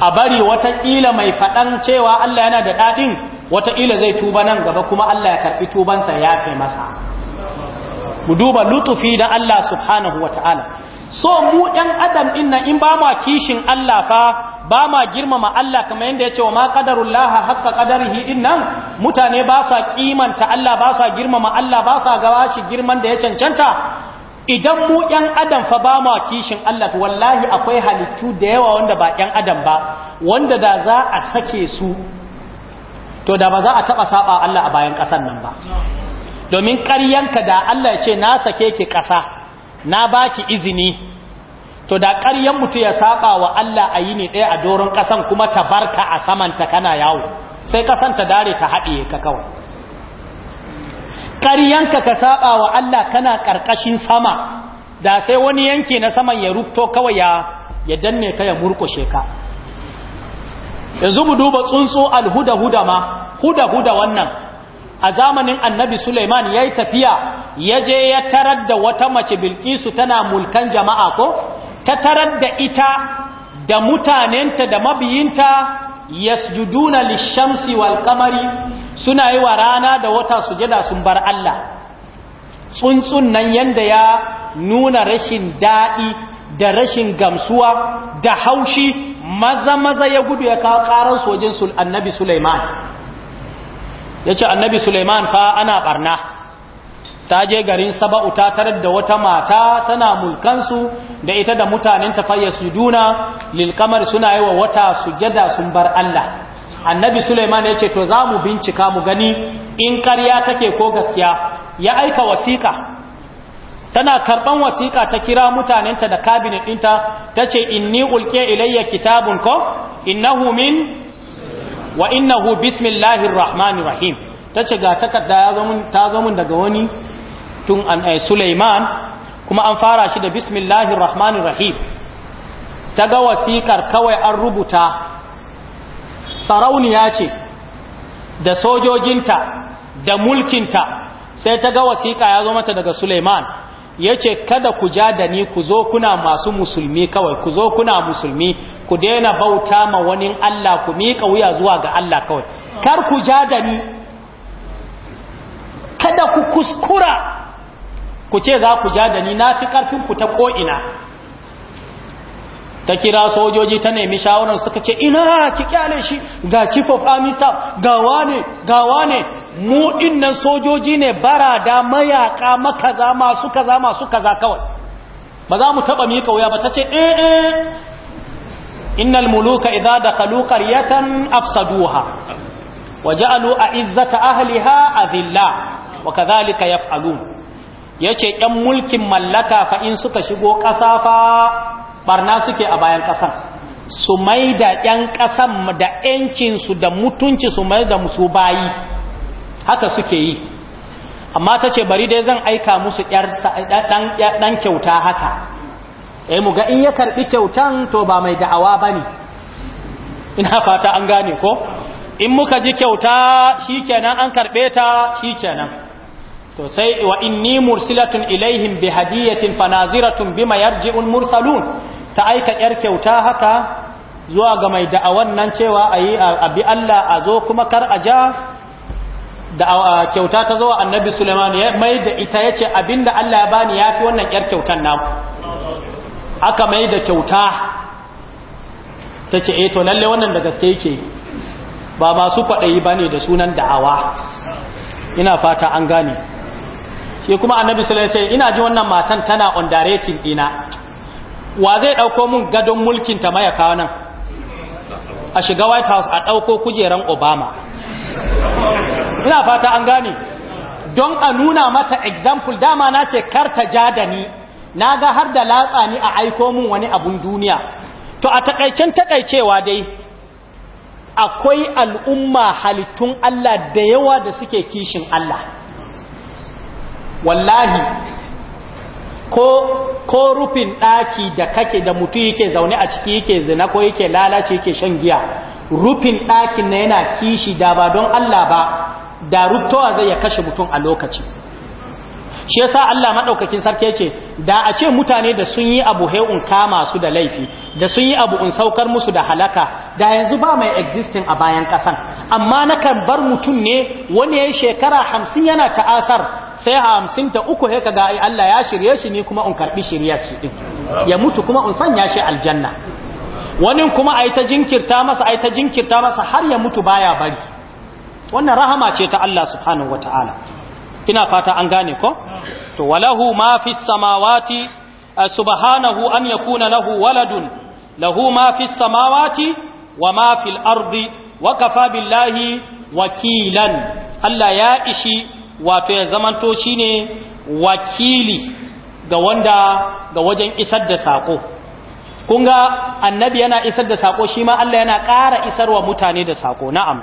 a bari watakila mai faɗan cewa Allah yana da daɗin wataƙila zai tuba nan gaba kuma Allah ya karɓi tubansa ya fi masa mu duba lutufi da Allah subhanahu wa ta'ala so mu ɗan adam inna in ba ma kishin Allah fa ba ma girmama Allah kamar yadda ya ce wa ma ƙadarullaha haƙƙa ƙadarihi nan mutane ba sa ƙimanta Allah ba sa girmama Allah ba sa gawa shi girman da ya cancanta idan mu ‘yan adam fa ba ma kishin Allah wallahi akwai halittu da yawa wanda ba ‘yan adam ba wanda da za a sake su to da ba za a taba saba Allah a bayan ƙasar nan ba domin ƙaryanka da Allah ya ce na sake ki ƙasa na baki izini to da ƙaryan mutu ya saba wa Allah a yi ne ɗaya a doron ƙasan kuma ta barka a saman ta kana yawo sai ƙasan ta dare ta haɗiye ka kawai ƙaryanka ka saba wa Allah kana ƙarƙashin sama da sai wani yanki na saman ya rufto kawai ya ya danne ka ya murƙushe ka yanzu mu duba tsuntsu alhuda-huda ma huda-huda wannan a zamanin annabi suleiman ya yi tafiya ya je ya tarar da wata mace bilkisu tana mulkan jama'a ko ta tarar da ita da mutanenta da mabiyinta yasjuduna lishamsi wal kamari suna yi wa rana da wata sujada sun bar Allah tsuntsun nan yanda ya nuna rashin daɗi da rashin gamsuwa da haushi maza maza ya gudu ya kawo karar sojin annabi Suleiman. ya ce annabi Suleiman fa ana barna ta je garin saba'u ta tarar da wata mata tana mulkansu da ita da mutanen tafayya su duna lilkamar suna yi wa wata sujada sun bar Allah annabi Suleiman ya ce to za mu bincika mu gani in karya take ko gaskiya ya aika wasiƙa tana karban wasiƙa ta kira mutanenta da kabinet ɗinta ta ce inni ulke ilayya kitabun ko innahu min wa innahu bismillahir rahmanir rahim ta ce ga takarda ta zo mun daga wani tun an ai eh, Sulaiman kuma an fara shi da bismillahir rahmanir rahim ta ga wasiƙar kawai an rubuta sarauniya ce da sojojinta da mulkinta sai ta ga wasiƙa ya zo mata daga Sulaiman ya ce kada ku ja da ni ku zo kuna masu musulmi kawai ku zo kuna musulmi ku daina bauta ma wani Allah ku miƙa wuya zuwa ga Allah kawai kar ku ja da ni kada ku kuskura ku ce za ku ja da ni na fi ƙarfinku ta ko'ina ta kira sojoji ta nemi shawarar suka ce ina ki kyale shi ga chief of army staff ga wane ga wane mu dinnan sojoji ne barada mayaka makaza masu kaza masu kaza kawai ba za mu taba mika wuya ba tace eh eh innal muluka idza dakhalu qaryatan afsaduha waja'alu a'izzata ahliha adilla wa kadhalika yaf'alun yace yan mulkin mallaka fa in suka shigo kasafa barna suke a bayan ƙasan su mai da ‘yan ƙasan da ‘yancinsu da mutunci su mai da musu bayi haka suke yi amma ta ce bari dai zan aika musu ɗan kyauta haka e mu ga in ya karɓi kyautan to ba mai da'awa ba ne ina fata an gane ko in muka ji kyauta shi kenan an karɓe ta shi kenan to sai wa inni mursilatun ilaihim bi hadiyatin fanaziratun bima yarji'ul mursalun ta aika yar kyauta haka zuwa ga mai da'awan nan cewa ayi abi Allah a zo kuma kar a ja da kyauta ta zo annabi Sulaiman ya mai da ita yace abinda Allah ya bani yafi wannan yar kyautan namu? aka mai da kyauta tace eh to lalle wannan da gaske yake ba masu kwaɗayi bane da sunan da'awa ina fata an gane shi kuma annabi sallallahu alaihi ina ji wannan matan tana on directing dina wa zai dauko mun gadon mulkin ta maya kawo nan a shiga white house a dauko kujeran obama ina fata an gane don a nuna mata example dama na ce karta ja da ni na ga har da latsa ni a aiko mun wani abun duniya to a takaicen takaicewa dai akwai al'umma halittun Allah da yawa da suke kishin Allah wallahi ko ko rufin daki da kake da mutu yake zaune a ciki yake zina ko yake lalace yake shan giya rufin dakin na yana kishi da ba don Allah ba da rutuwa zai ya kashe mutum a lokaci shi yasa Allah madaukakin sarki yace da a ce mutane da sun yi abu he un kama su da laifi da sun yi abu un saukar musu da halaka da yanzu ba mai existing a bayan kasan amma nakan bar mutum ne wani yayin shekara 50 yana ta'asar sai 50 ta uku he kaga ai Allah ya shirye shi ni kuma un karbi shiryar shi din ya mutu kuma un sanya shi aljanna wani kuma ai ta jinkirta masa ai ta jinkirta masa har ya mutu baya bari wannan rahama ce ta Allah subhanahu wataala ina fata an gane ko to walahu ma fi samawati eh, subhanahu an yakuna lahu waladun lahu ma fi samawati wa ma fil ardi wa kafa billahi wakilan Allah ya ishi wato ya zamanto shine wakili ga wanda ga wajen isar da sako kun ga annabi yana isar da sako shi ma Allah yana ƙara isarwa mutane da sako na'am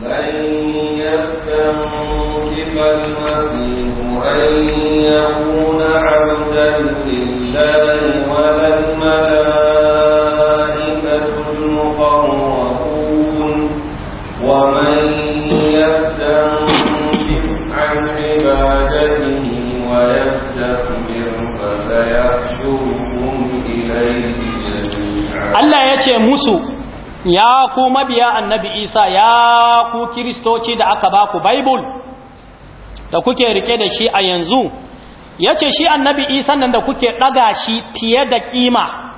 لن يستنكف المسيح أن يكون عبدا لله ولا الملائكة المقربون ومن يستنكف عن عبادته ويستكبر فسيحشرهم إليه جميعا الله يتي موسو ya ku mabiya annabi isa ya ku kiristoci da aka baku bible da kuke rike da shi a yanzu ya ce shi annabi isa nan da kuke ɗaga shi fiye da ƙima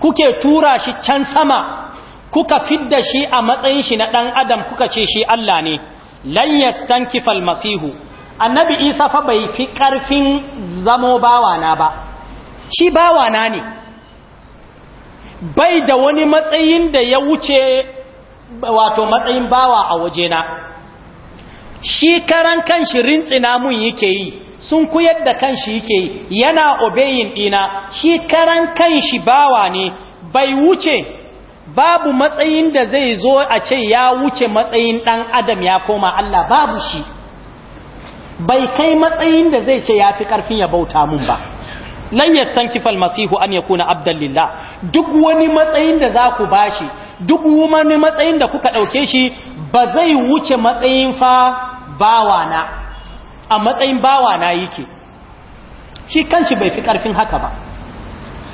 kuke tura shi can sama kuka fidda shi a matsayin shi na ɗan adam kuka ce shi allah ne lan yastankifal masihu annabi isa fa bai fi ƙarfin zamo bawana ba shi bawana ne bai da wani matsayin da ya wuce wato matsayin bawa a waje na shi karan kanshi rintsina mun yake yi sun kuyar da kanshi yake yi yana obeyin ɗina shi karan shi bawa ne bai wuce babu matsayin da zai zo a ce ya wuce matsayin dan adam ya koma Allah babu shi bai kai matsayin da zai ce ya fi karfin ya bauta mun ba lan yastankifal masihu an yakuna abdan lillah duk wani matsayin da za ku bashi duk wani matsayin da kuka dauke shi ba zai wuce matsayin fa bawana a matsayin bawana yake shi kanshi bai fi karfin haka ba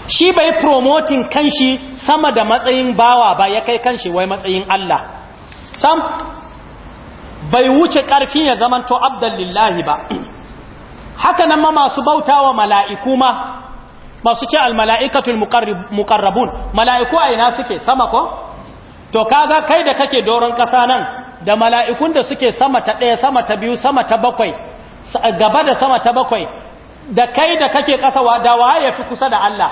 shi bai promoting kanshi sama da matsayin bawa ba ya kai kanshi wai matsayin Allah sam bai wuce karfin ya zamanto abdan ba haka nan ma masu bauta wa mala'iku ma masu ce mala'ikatul muqarrabun mala'iku a ina suke sama ko to kaga kai da kake doron kasa nan da mala'ikun da suke sama ta ɗaya sama ta biyu sama ta bakwai gaba da sama ta bakwai da kai da kake wa da waye fi kusa da Allah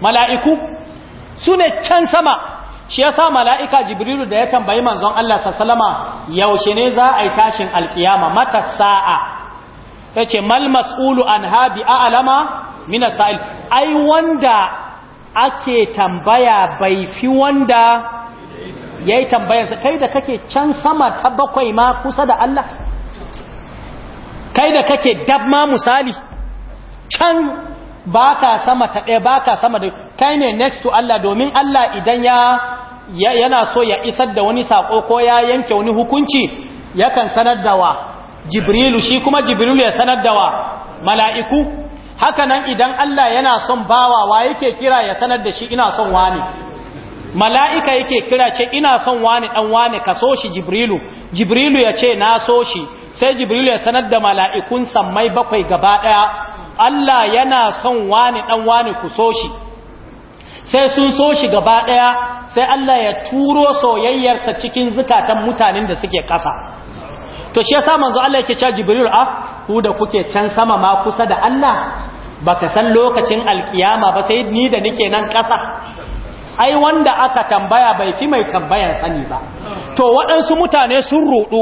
mala'iku su ne can sama shi yasa mala'ika jibrilu da ya tambayi manzon Allah sallama yaushe ne za a yi tashin alkiyama mata sa'a ta ce mal mas'ulu an habi a alama mina sa'il ai wanda ake tambaya bai fi wanda ya yi tambayarsa kai da kake can sama ta bakwai ma kusa da Allah kai da kake dab ma misali can baka sama ta ɗaya baka sama da kai ne next to Allah domin Allah idan ya yana so ya isar da wani sako ko ya yanke wani hukunci yakan sanar da wa jibrilu shi kuma jibrilu ya sanar da wa mala'iku haka nan idan Allah yana son bawa wa yake kira ya sanar da shi ina son wani mala'ika yake kira ce ina son wani dan wani ka so shi jibrilu jibrilu ya ce na so shi sai jibrilu ya sanar da mala'ikun sammai bakwai gaba ɗaya Allah yana son wani dan wani ku so shi sai sun so shi gaba ɗaya sai Allah ya turo soyayyarsa cikin zukatan mutanen da suke ƙasa to shi yasa manzo Allah yake cewa Jibril a ah, ku da kuke can sama ma kusa da Allah baka san lokacin alkiyama ba sai ni da nake nan kasa. ai wanda aka tambaya bai fi mai tambayan sani ba to waɗansu mutane sun rudu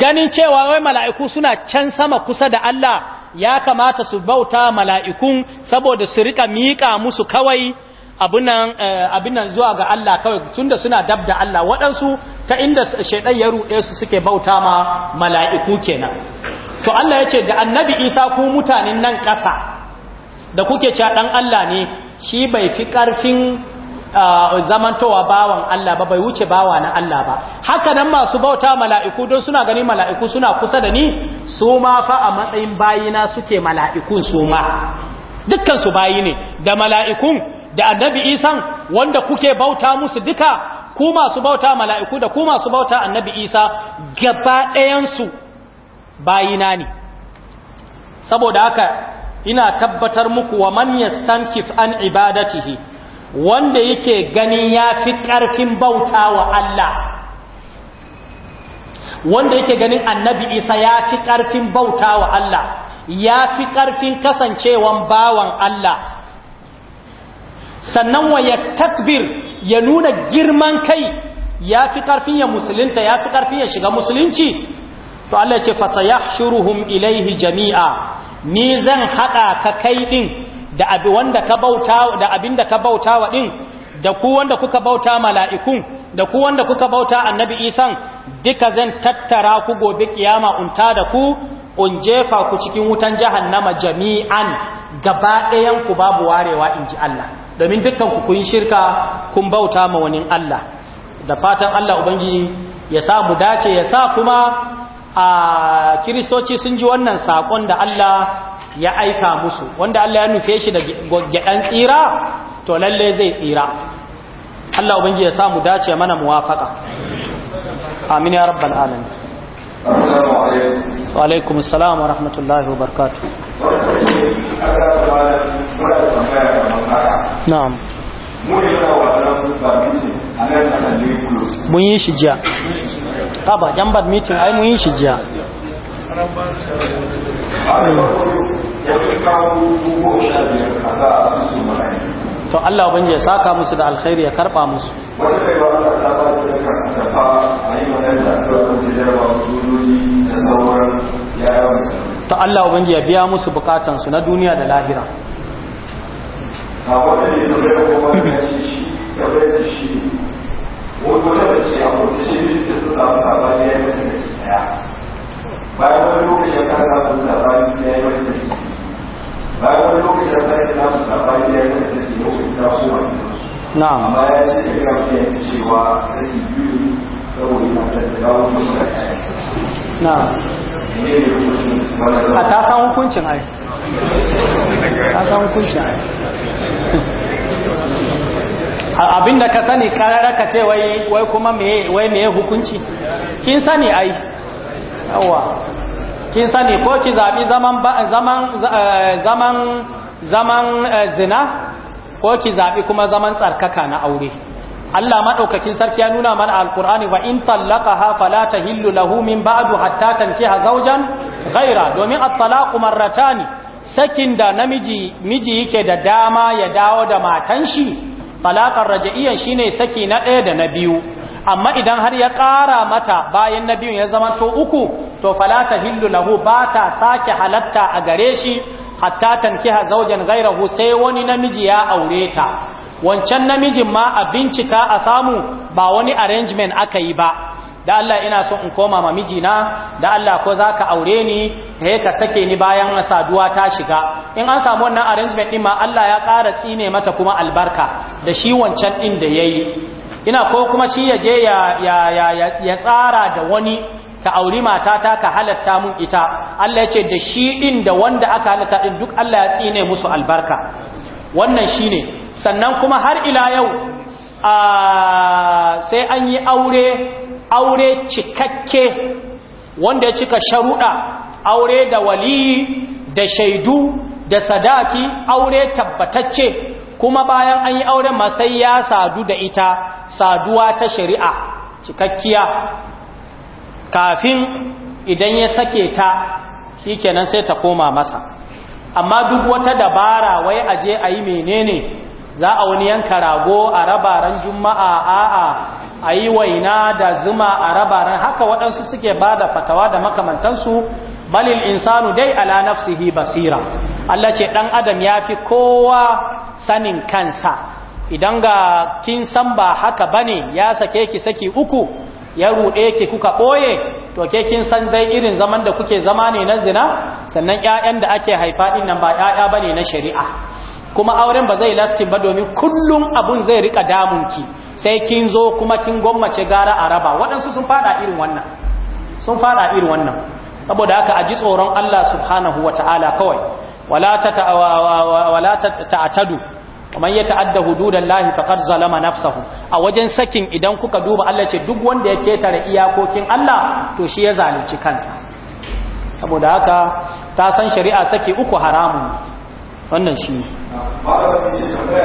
ganin cewa wai mala'iku suna can sama kusa da Allah ya kamata su bauta mala'ikun saboda su rika miƙa musu kawai Eh, abin nan zuwa ga Allah kawai tunda suna dab da Allah waɗansu ta inda shaidan ya ruɗe su suke bauta ma mala'iku kenan to Allah ya ce da annabi isa ku mutanen nan ƙasa da kuke cewa ɗan Allah ne shi bai fi ƙarfin eh, zamantowa bawan Allah ba bai wuce bawa na Allah ba haka nan masu bauta mala'iku don suna gani mala'iku suna kusa da ni su ma fa a matsayin bayina suke mala'ikun su ma dukkan bayi ne da mala'ikun da annabi Isa wanda kuke bauta musu duka ku masu bauta mala'iku da ku masu bauta annabi isa gaba ɗayansu bayina ne saboda haka ina tabbatar muku wa man yastankif an ibadatihi wanda yake ganin fi ƙarfin bauta wa Allah wanda yake ganin annabi isa ya fi ƙarfin bauta wa Allah ya fi ƙarfin kasancewan bawan Allah sannan wa takbir ya nuna girman kai ya fi karfin ya musulinta ya fi karfin ya shiga musulunci to Allah ya ce fasayahshuruhum ilaihi jami'a ni zan haɗa ka kai din da abin da abinda ka bauta wa din da ku wanda kuka bauta mala'ikun da ku wanda kuka bauta annabi isan duka zan tattara ku gobe kiyama unta da ku un jefa ku cikin wutan jahannama jami'an gaba ɗayan ku babu warewa in ji Allah domin dukkan ku kun shirka kun bauta ma wani Allah da fatan Allah ubangiji ya sa mu dace ya sa kuma a kiristoci sun ji wannan sakon da Allah ya aika musu wanda Allah ya nufe shi da gyaɗan tsira to lalle zai tsira Allah ubangi ya mu dace mana muwafaka amin ya rabbal alamin wa wa rahmatullahi wa barakatuh na'am mun yi shi jiya ta ba jambar mitin ai mun yi shi jiya to Allah ubangiji ya saka musu da alkhairi ya karba musu wata ta Allah ubangiji ya biya musu bukatansu na duniya da lahira a wata ne da ya kuma kace shi da bai shi wata da shi a mutu shi da sun samu sabani ya yi masa saki daya bayan wani lokaci ya kasa samu sabani ya yi masa saki bayan wani lokaci ya sake samu sabani ya yi masa saki lokacin ta su wani na'am amma ya ce da ya fi cewa saki biyu saboda yana sake dawo da mutane na'am ne ne a ah, ta san hukuncin ai ta san hukuncin ai abinda ka sani karara ka ce wai kuma wai meye hukunci kin sani ai yawa kin sani ko ki zaɓi zaman eh, zaman zaman zaman eh, zina ko ki zaɓi kuma zaman tsarkaka na aure Allah maɗaukakin sarki ya nuna mana Alƙur'ani wa in ha falata tahillu lahu min ba'du hatta ha zaujan ghaira domin at-talaqu marratani sakin da namiji miji yake da dama ya dawo da matan shi talaqar raj'iyyan shine saki na ɗaya da na biyu amma idan har ya ƙara mata bayan na biyun ya zama to uku to falata tahillu lahu ba ta sake halatta a gare shi hatta tankiha zawjan ghairahu sai wani namiji ya aure ta wancan namijin ma a bincika a samu ba wani arrangement aka yi ba da Allah ina so in koma ma mijina da Allah ko za ka aure ni he ka sake ni bayan saduwa ta shiga in an samu wannan arrangement din ma Allah ya ƙara tsine mata kuma albarka da shi wancan din da yayi ina ko kuma shi ya je ya ya ya ya tsara da wani ka auri ta ka halatta mun ita Allah ya ce da shi ɗin da wanda aka halatta din duk Allah ya tsine musu albarka wannan shi ne sannan kuma har ila yau sai an yi aure aure cikakke wanda ya cika sharuɗa aure da waliyi da shaidu da sadaki aure tabbatacce kuma bayan an yi auren masai ya sadu da ita saduwa ta shari'a cikakkiya kafin idan ya sake ta shi kenan sai ta koma masa amma duk wata dabara wai aje a yi menene za a wani yanka rago a rabaran juma'a a'a a yi waina da zuma a rabaran haka waɗansu suke bada fatawa da makamantansu balil insanu dai ala nafsihi basira Allah ce ɗan adam ya fi kowa sanin kansa idan ga kin san ba haka bane ya sake ki saki uku ya ruɗe ki kuka ɓoye to ke kin san dai irin zaman da kuke zama ne na zina sannan ƴaƴan da ake haifa din nan ba ƴaƴa bane na shari'a kuma auren ba zai lastin ba domin kullum abun zai rika ki sai kin zo kuma kin gommace gara a raba waɗansu sun fada irin wannan sun fada irin wannan saboda haka aji tsoron Allah subhanahu wa kawai wala ta ta'atadu man ya ta'adda hududan lahi faqad zalama nafsahu a wajen sakin idan kuka duba Allah ce duk wanda ya tare iyakokin Allah to shi ya zalunci kansa saboda haka ta san shari'a saki uku haramun wannan shi na'am Allah sarki ne da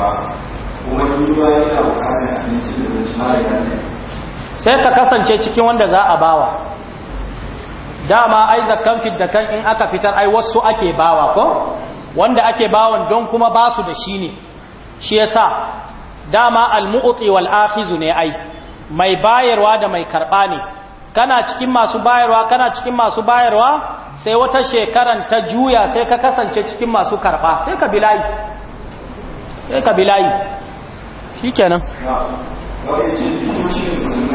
ba kuma ni ba yana bukatar abinci da zai sai ka kasance cikin wanda za a bawa dama ai zakkan fiddakan in aka fitar ai wasu ake bawa ko wanda ake bawan don kuma basu da shi ne shi yasa dama almu'ti wal akhizu ne ai mai bayarwa da mai karba ne kana cikin masu bayarwa kana cikin masu bayarwa sai wata shekaran ta juya sai ka kasance cikin masu karba sai ka bilayi sai ka bilayi shikenan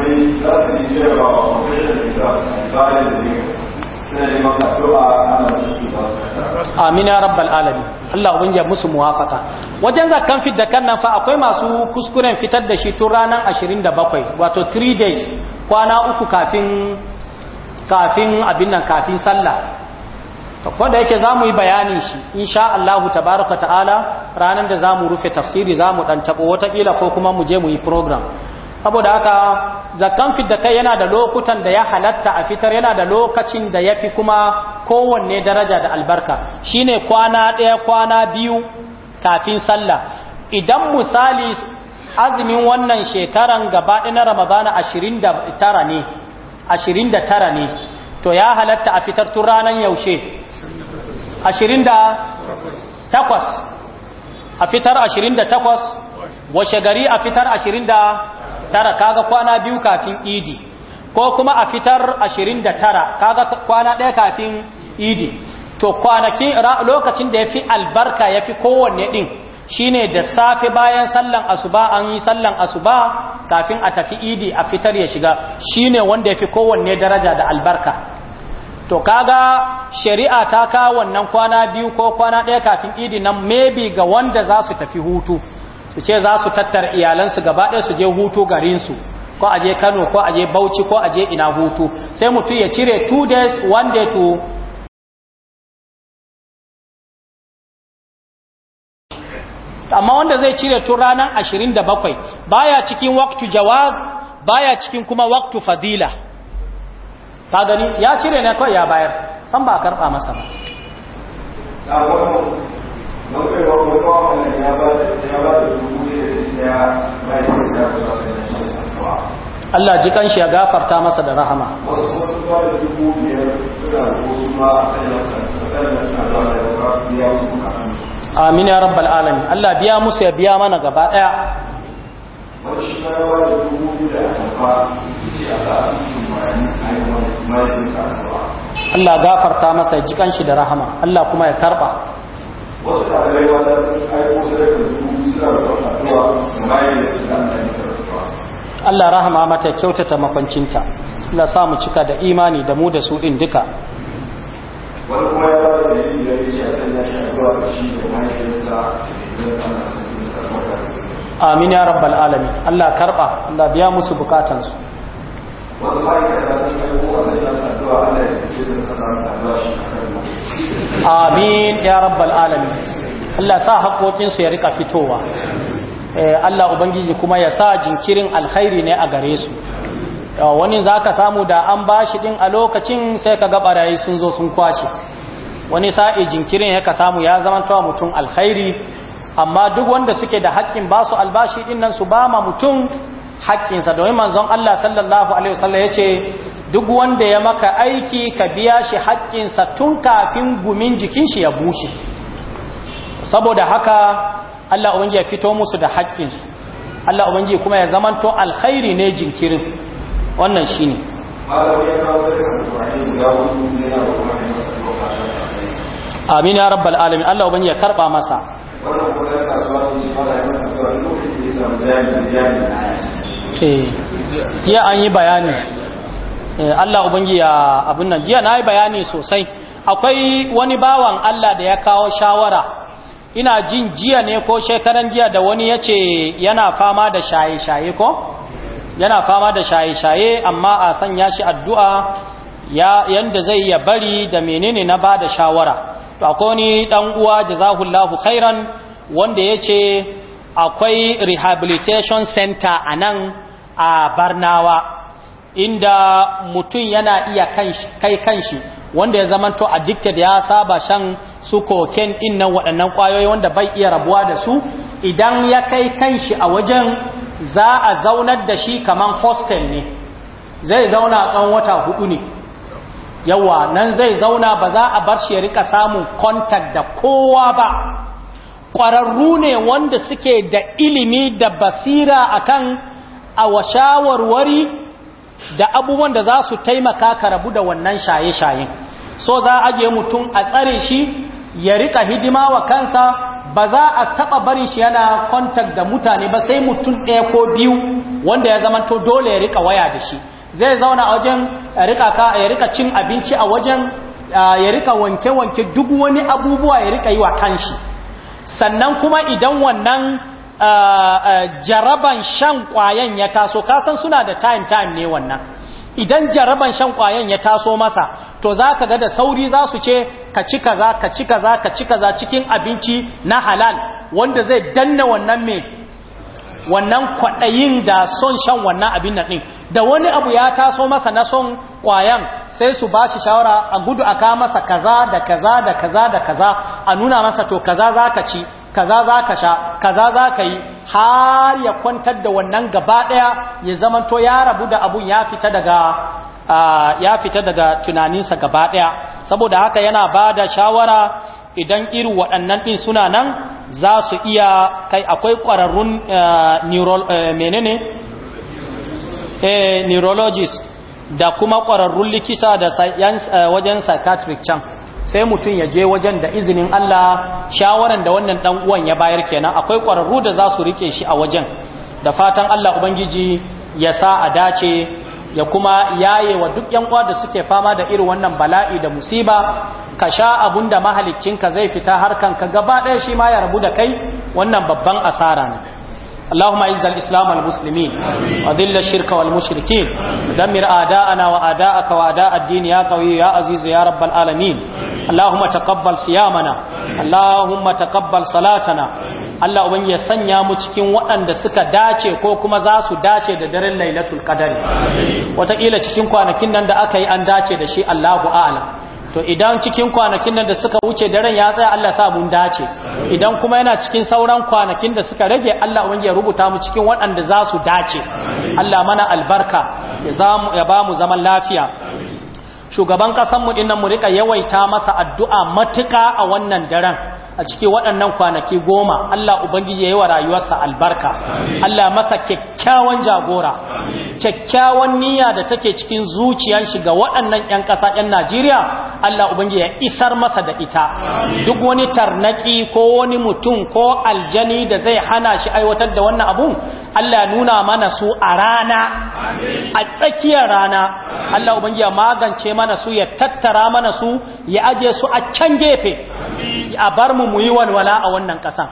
musulmai za su yi da yi amin ya rabbal alamin Allah ubin ya musu muwafaka wajen zakan fidda kan nan fa akwai masu kuskuren fitar da shi tun ranar 27 wato 3 days kwana uku kafin kafin abin nan kafin sallah wanda yake za mu yi bayanin shi insha Allahu tabaraka ta'ala ranar da za mu rufe tafsiri za mu ɗan taɓo watakila ko kuma mu je mu yi program saboda haka zakan fidda kai yana da lokutan da ya halatta a fitar yana da lokacin da ya fi kuma kowanne daraja da albarka shine kwana ɗaya kwana biyu kafin sallah idan misali azumin wannan shekaran gaba na ramadana ashirin da tara ne ashirin da tara ne to ya halatta a fitar tun ranar yaushe ashirin da takwas a fitar ashirin da takwas washe gari a fitar ashirin da tara kaga kwana biyu kafin idi ko kuma a fitar ashirin da tara kaga kwana ɗaya kafin idi to lokacin da ya fi albarka ya fi kowanne ɗin shine da safe bayan sallan asuba an yi sallan asuba kafin a tafi idi a fitar ya shiga shine wanda ya fi kowanne daraja da albarka to kaga shari'a ta kawo wannan kwana biyu ko kwana ɗaya kafin idi nan maybe ga wanda za su tafi hutu su ce za su tattar iyalansu gaba ɗaya su je hutu garinsu ko a je kano ko a je bauchi ko a je ina hutu sai mutum ya cire 2 days 1 day to amma wanda zai cire tun ranar 27 baya cikin waktu jawaz baya cikin kuma waktu fadila ta gani ya cire ne kawai ya bayar san ba a karɓa masa ba don ya ba da da ya da shi Allah ji kanshi ya gafarta masa da rahama wasu dubu biyar suna da wasu a da amin ya rabbal alamin Allah biya musu ya biya mana gaba daya wani da dubu biyu da ce a sa su Allah gafarta masa ya ji kanshi da rahama Allah kuma ya karba wasu ɗalibai wata sun aiko sadakar dubu suna rufar addu'a da bayan da suna amfani da rasuwa Allah rahama mata kyautata makwancinta Allah sa mu cika da imani da mu da su ɗin duka wani kuma ya ba da dalili da ya ce a sanya shi addu'a da shi da mahaifiyarsa da ya sana sanin sarmata amin ya rabbal alami Allah karba Allah biya musu bukatansu wasu ma'aikata sun aiko a sanya su addu'a Allah ya tafi sun kasa da shi. amin ya rabbal alamin Allah sa haƙoƙinsu ya rika fitowa eh, Allah Ubangiji kuma ya sa jinkirin alkhairi ne a gare su eh, wani za ka samu da an ba shi ɗin a lokacin sai ka ɓarayi sun zo sun kwace wani sa'i jinkirin ya ka samu ya zamantawa mutum alkhairi amma duk wanda suke da haƙƙin ba su albashi ɗin nan su ba ma mutum haƙƙinsa domin manzon Allah sallallahu Alaihi wasallam ya ce duk wanda ya maka aiki ka biya shi haƙƙinsa tun kafin gumin jikin shi ya bushe saboda haka Allah ubangi ya fito musu da haƙƙinsu Allah ubangi kuma ya zamanto alkhairi ne jinkirin wannan shine amin ya rabbal alamin Allah ubangi ya karba masa wannan kuma ya kasuwa ne shi fara yana da ya ya an yi bayani Eh, Allah ubangi ya abin nan jiya na yi bayani sosai akwai wani bawan Allah da ya kawo shawara ina jin jiya ne ko shekaran jiya da wani yace yana fama da shaye-shaye ko yana fama da shaye-shaye amma a sanya shi addu'a ya zai ya bari da menene na ba da shawara to akwai wani dan uwa jazahullahu khairan wanda yace akwai rehabilitation center a nan a barnawa inda mutum yana iya kai kanshi wanda ya zamanto addicted ya saba shan su koken innan waɗannan kwayoyi wanda bai iya rabuwa da su idan ya kai kanshi a wajen za a zaunar da shi kaman hostel ne zai zauna tsawon wata hudu ne yawa nan zai zauna ba za a bar shi ya rika samun kontak da kowa ba ƙwararru ne wanda suke da ilimi da basira akan a shawarwari da abubuwan da za su taimaka ka rabu da wannan shaye-shayen so za a je mutum a tsare shi ya rika hidima wa kansa ba za a taba barin shi yana kontak da mutane ba sai mutum ɗaya ko biyu wanda ya zama to dole ya rika waya da shi zai zauna a wajen ya rika cin abinci a wajen ya rika wanke-wanke duk wani abubuwa ya rika yi wa kanshi sannan kuma idan wannan jaraban shan kwayan ya taso kasan suna da time time ne wannan idan jaraban shan kwayan ya taso masa to za ka ga da sauri za su ce ka ci kaza ka ci kaza ka ci kaza cikin abinci na halal wanda zai danna wannan mai wannan kwaɗayin da son shan wannan abin na ɗin da wani abu ya taso masa na son kwayan sai su ba shi shawara a gudu a ka masa kaza da kaza da kaza da kaza a nuna masa to kaza za ka ci kaza za ka sha kaza za ka yi har ya kwantar da wannan gaba ɗaya ya zamanto ya rabu da abun ya fita daga ya fita daga tunaninsa gaba ɗaya saboda haka yana ba da shawara idan irin waɗannan ɗin suna nan za su iya kai akwai ƙwararrun menene neurologist da kuma ƙwararrun likita da wajen psychiatric can sai mutum ya je wajen da izinin Allah shawaran da wannan dan uwan ya bayar kenan akwai kwararru da za su rike shi a wajen da fatan Allah ubangiji ya sa a dace ya kuma yaye wa duk yan uwa da suke fama da irin wannan bala'i da musiba ka sha abun da ka zai fita harkan ka gaba ɗaya shi ma ya rabu da kai wannan babban asara ne اللهم اعز الاسلام والمسلمين وذل الشرك والمشركين ودمر اعداءنا واعداءك واعداء الدين يا قوي يا عزيز يا رب العالمين اللهم تقبل صيامنا اللهم تقبل صلاتنا Allah uban ya sanya mu cikin waɗanda suka dace ko kuma za su dace da daren Lailatul Qadari wataƙila cikin kwanakin nan da aka yi an dace da shi Allahu a'lam to idan cikin kwanakin nan da suka wuce daren ya tsaya Allah sa mun dace idan kuma yana cikin sauran kwanakin da suka rage Allah wani ya rubuta mu cikin waɗanda za su dace Allah mana albarka ya ba mu zaman lafiya shugaban ƙasanmu ɗin nan mu riƙa yawaita masa addu'a matuƙa a wannan daren a cikin waɗannan kwanaki goma Allah Ubangiji ya yi wa rayuwarsa albarka Allah masa kyakkyawan jagora kyakkyawan niyya da take cikin zuciyar shi ga waɗannan 'yan ƙasa 'yan Najeriya Allah Ubangiji ya isar masa da ita duk wani tarnaki ko wani mutum ko aljani da zai hana shi aiwatar da wannan abun Allah nuna mana su a rana a tsakiyar rana Allah Ubangiji ya magance mana su ya tattara mana su ya aje su a can gefe a bar mu mu yi walwala a wannan ƙasan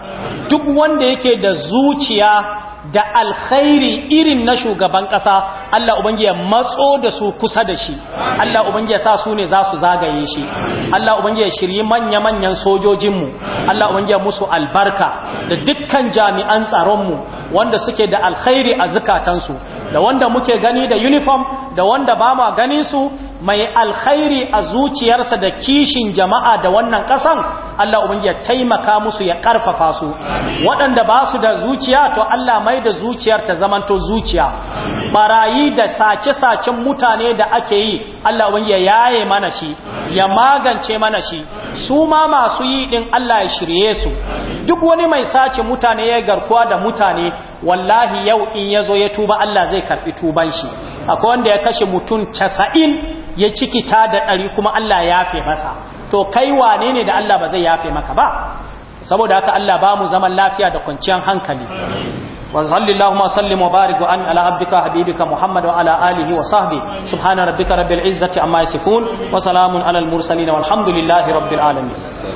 duk wanda yake da zuciya da alkhairi irin na shugaban ƙasa Allah ubangi ya matso da su kusa da shi Allah ubangi ya sa su ne za su zagaye shi Allah ubangi ya shirye manya-manyan sojojinmu Allah ubangi ya musu albarka da dukkan jami'an tsaronmu wanda suke da alkhairi a zukatansu da wanda muke gani da uniform da wanda ba ma ganin su mai alkhairi a zuciyarsa da kishin jama'a da wannan ƙasan Allah ubangi ya taimaka musu ya ƙarfafa su waɗanda ba su da zuciya to Allah mai da zuciyar ta zamanto zuciya barayi da sace-sacen mutane da ake yi Allah ubangi ya yaye mana shi ya magance mana shi su ma masu yi din Allah ya shirye su duk wani mai sace mutane ya garkuwa da mutane wallahi yau in ya zo ya tuba Allah zai karɓi tuban shi akwai wanda ya kashe mutum casa'in ya cikita da ɗari kuma Allah ya yafe masa to kai wane ne da Allah ba zai yafe maka ba saboda haka Allah ba mu zaman lafiya da kwanciyar hankali wa sallallahu wa sallim wa barik an ala abdika habibika muhammad wa ala alihi wa sahbi subhana rabbika rabbil izzati amma yasifun wa salamun ala al mursalin walhamdulillahi rabbil alamin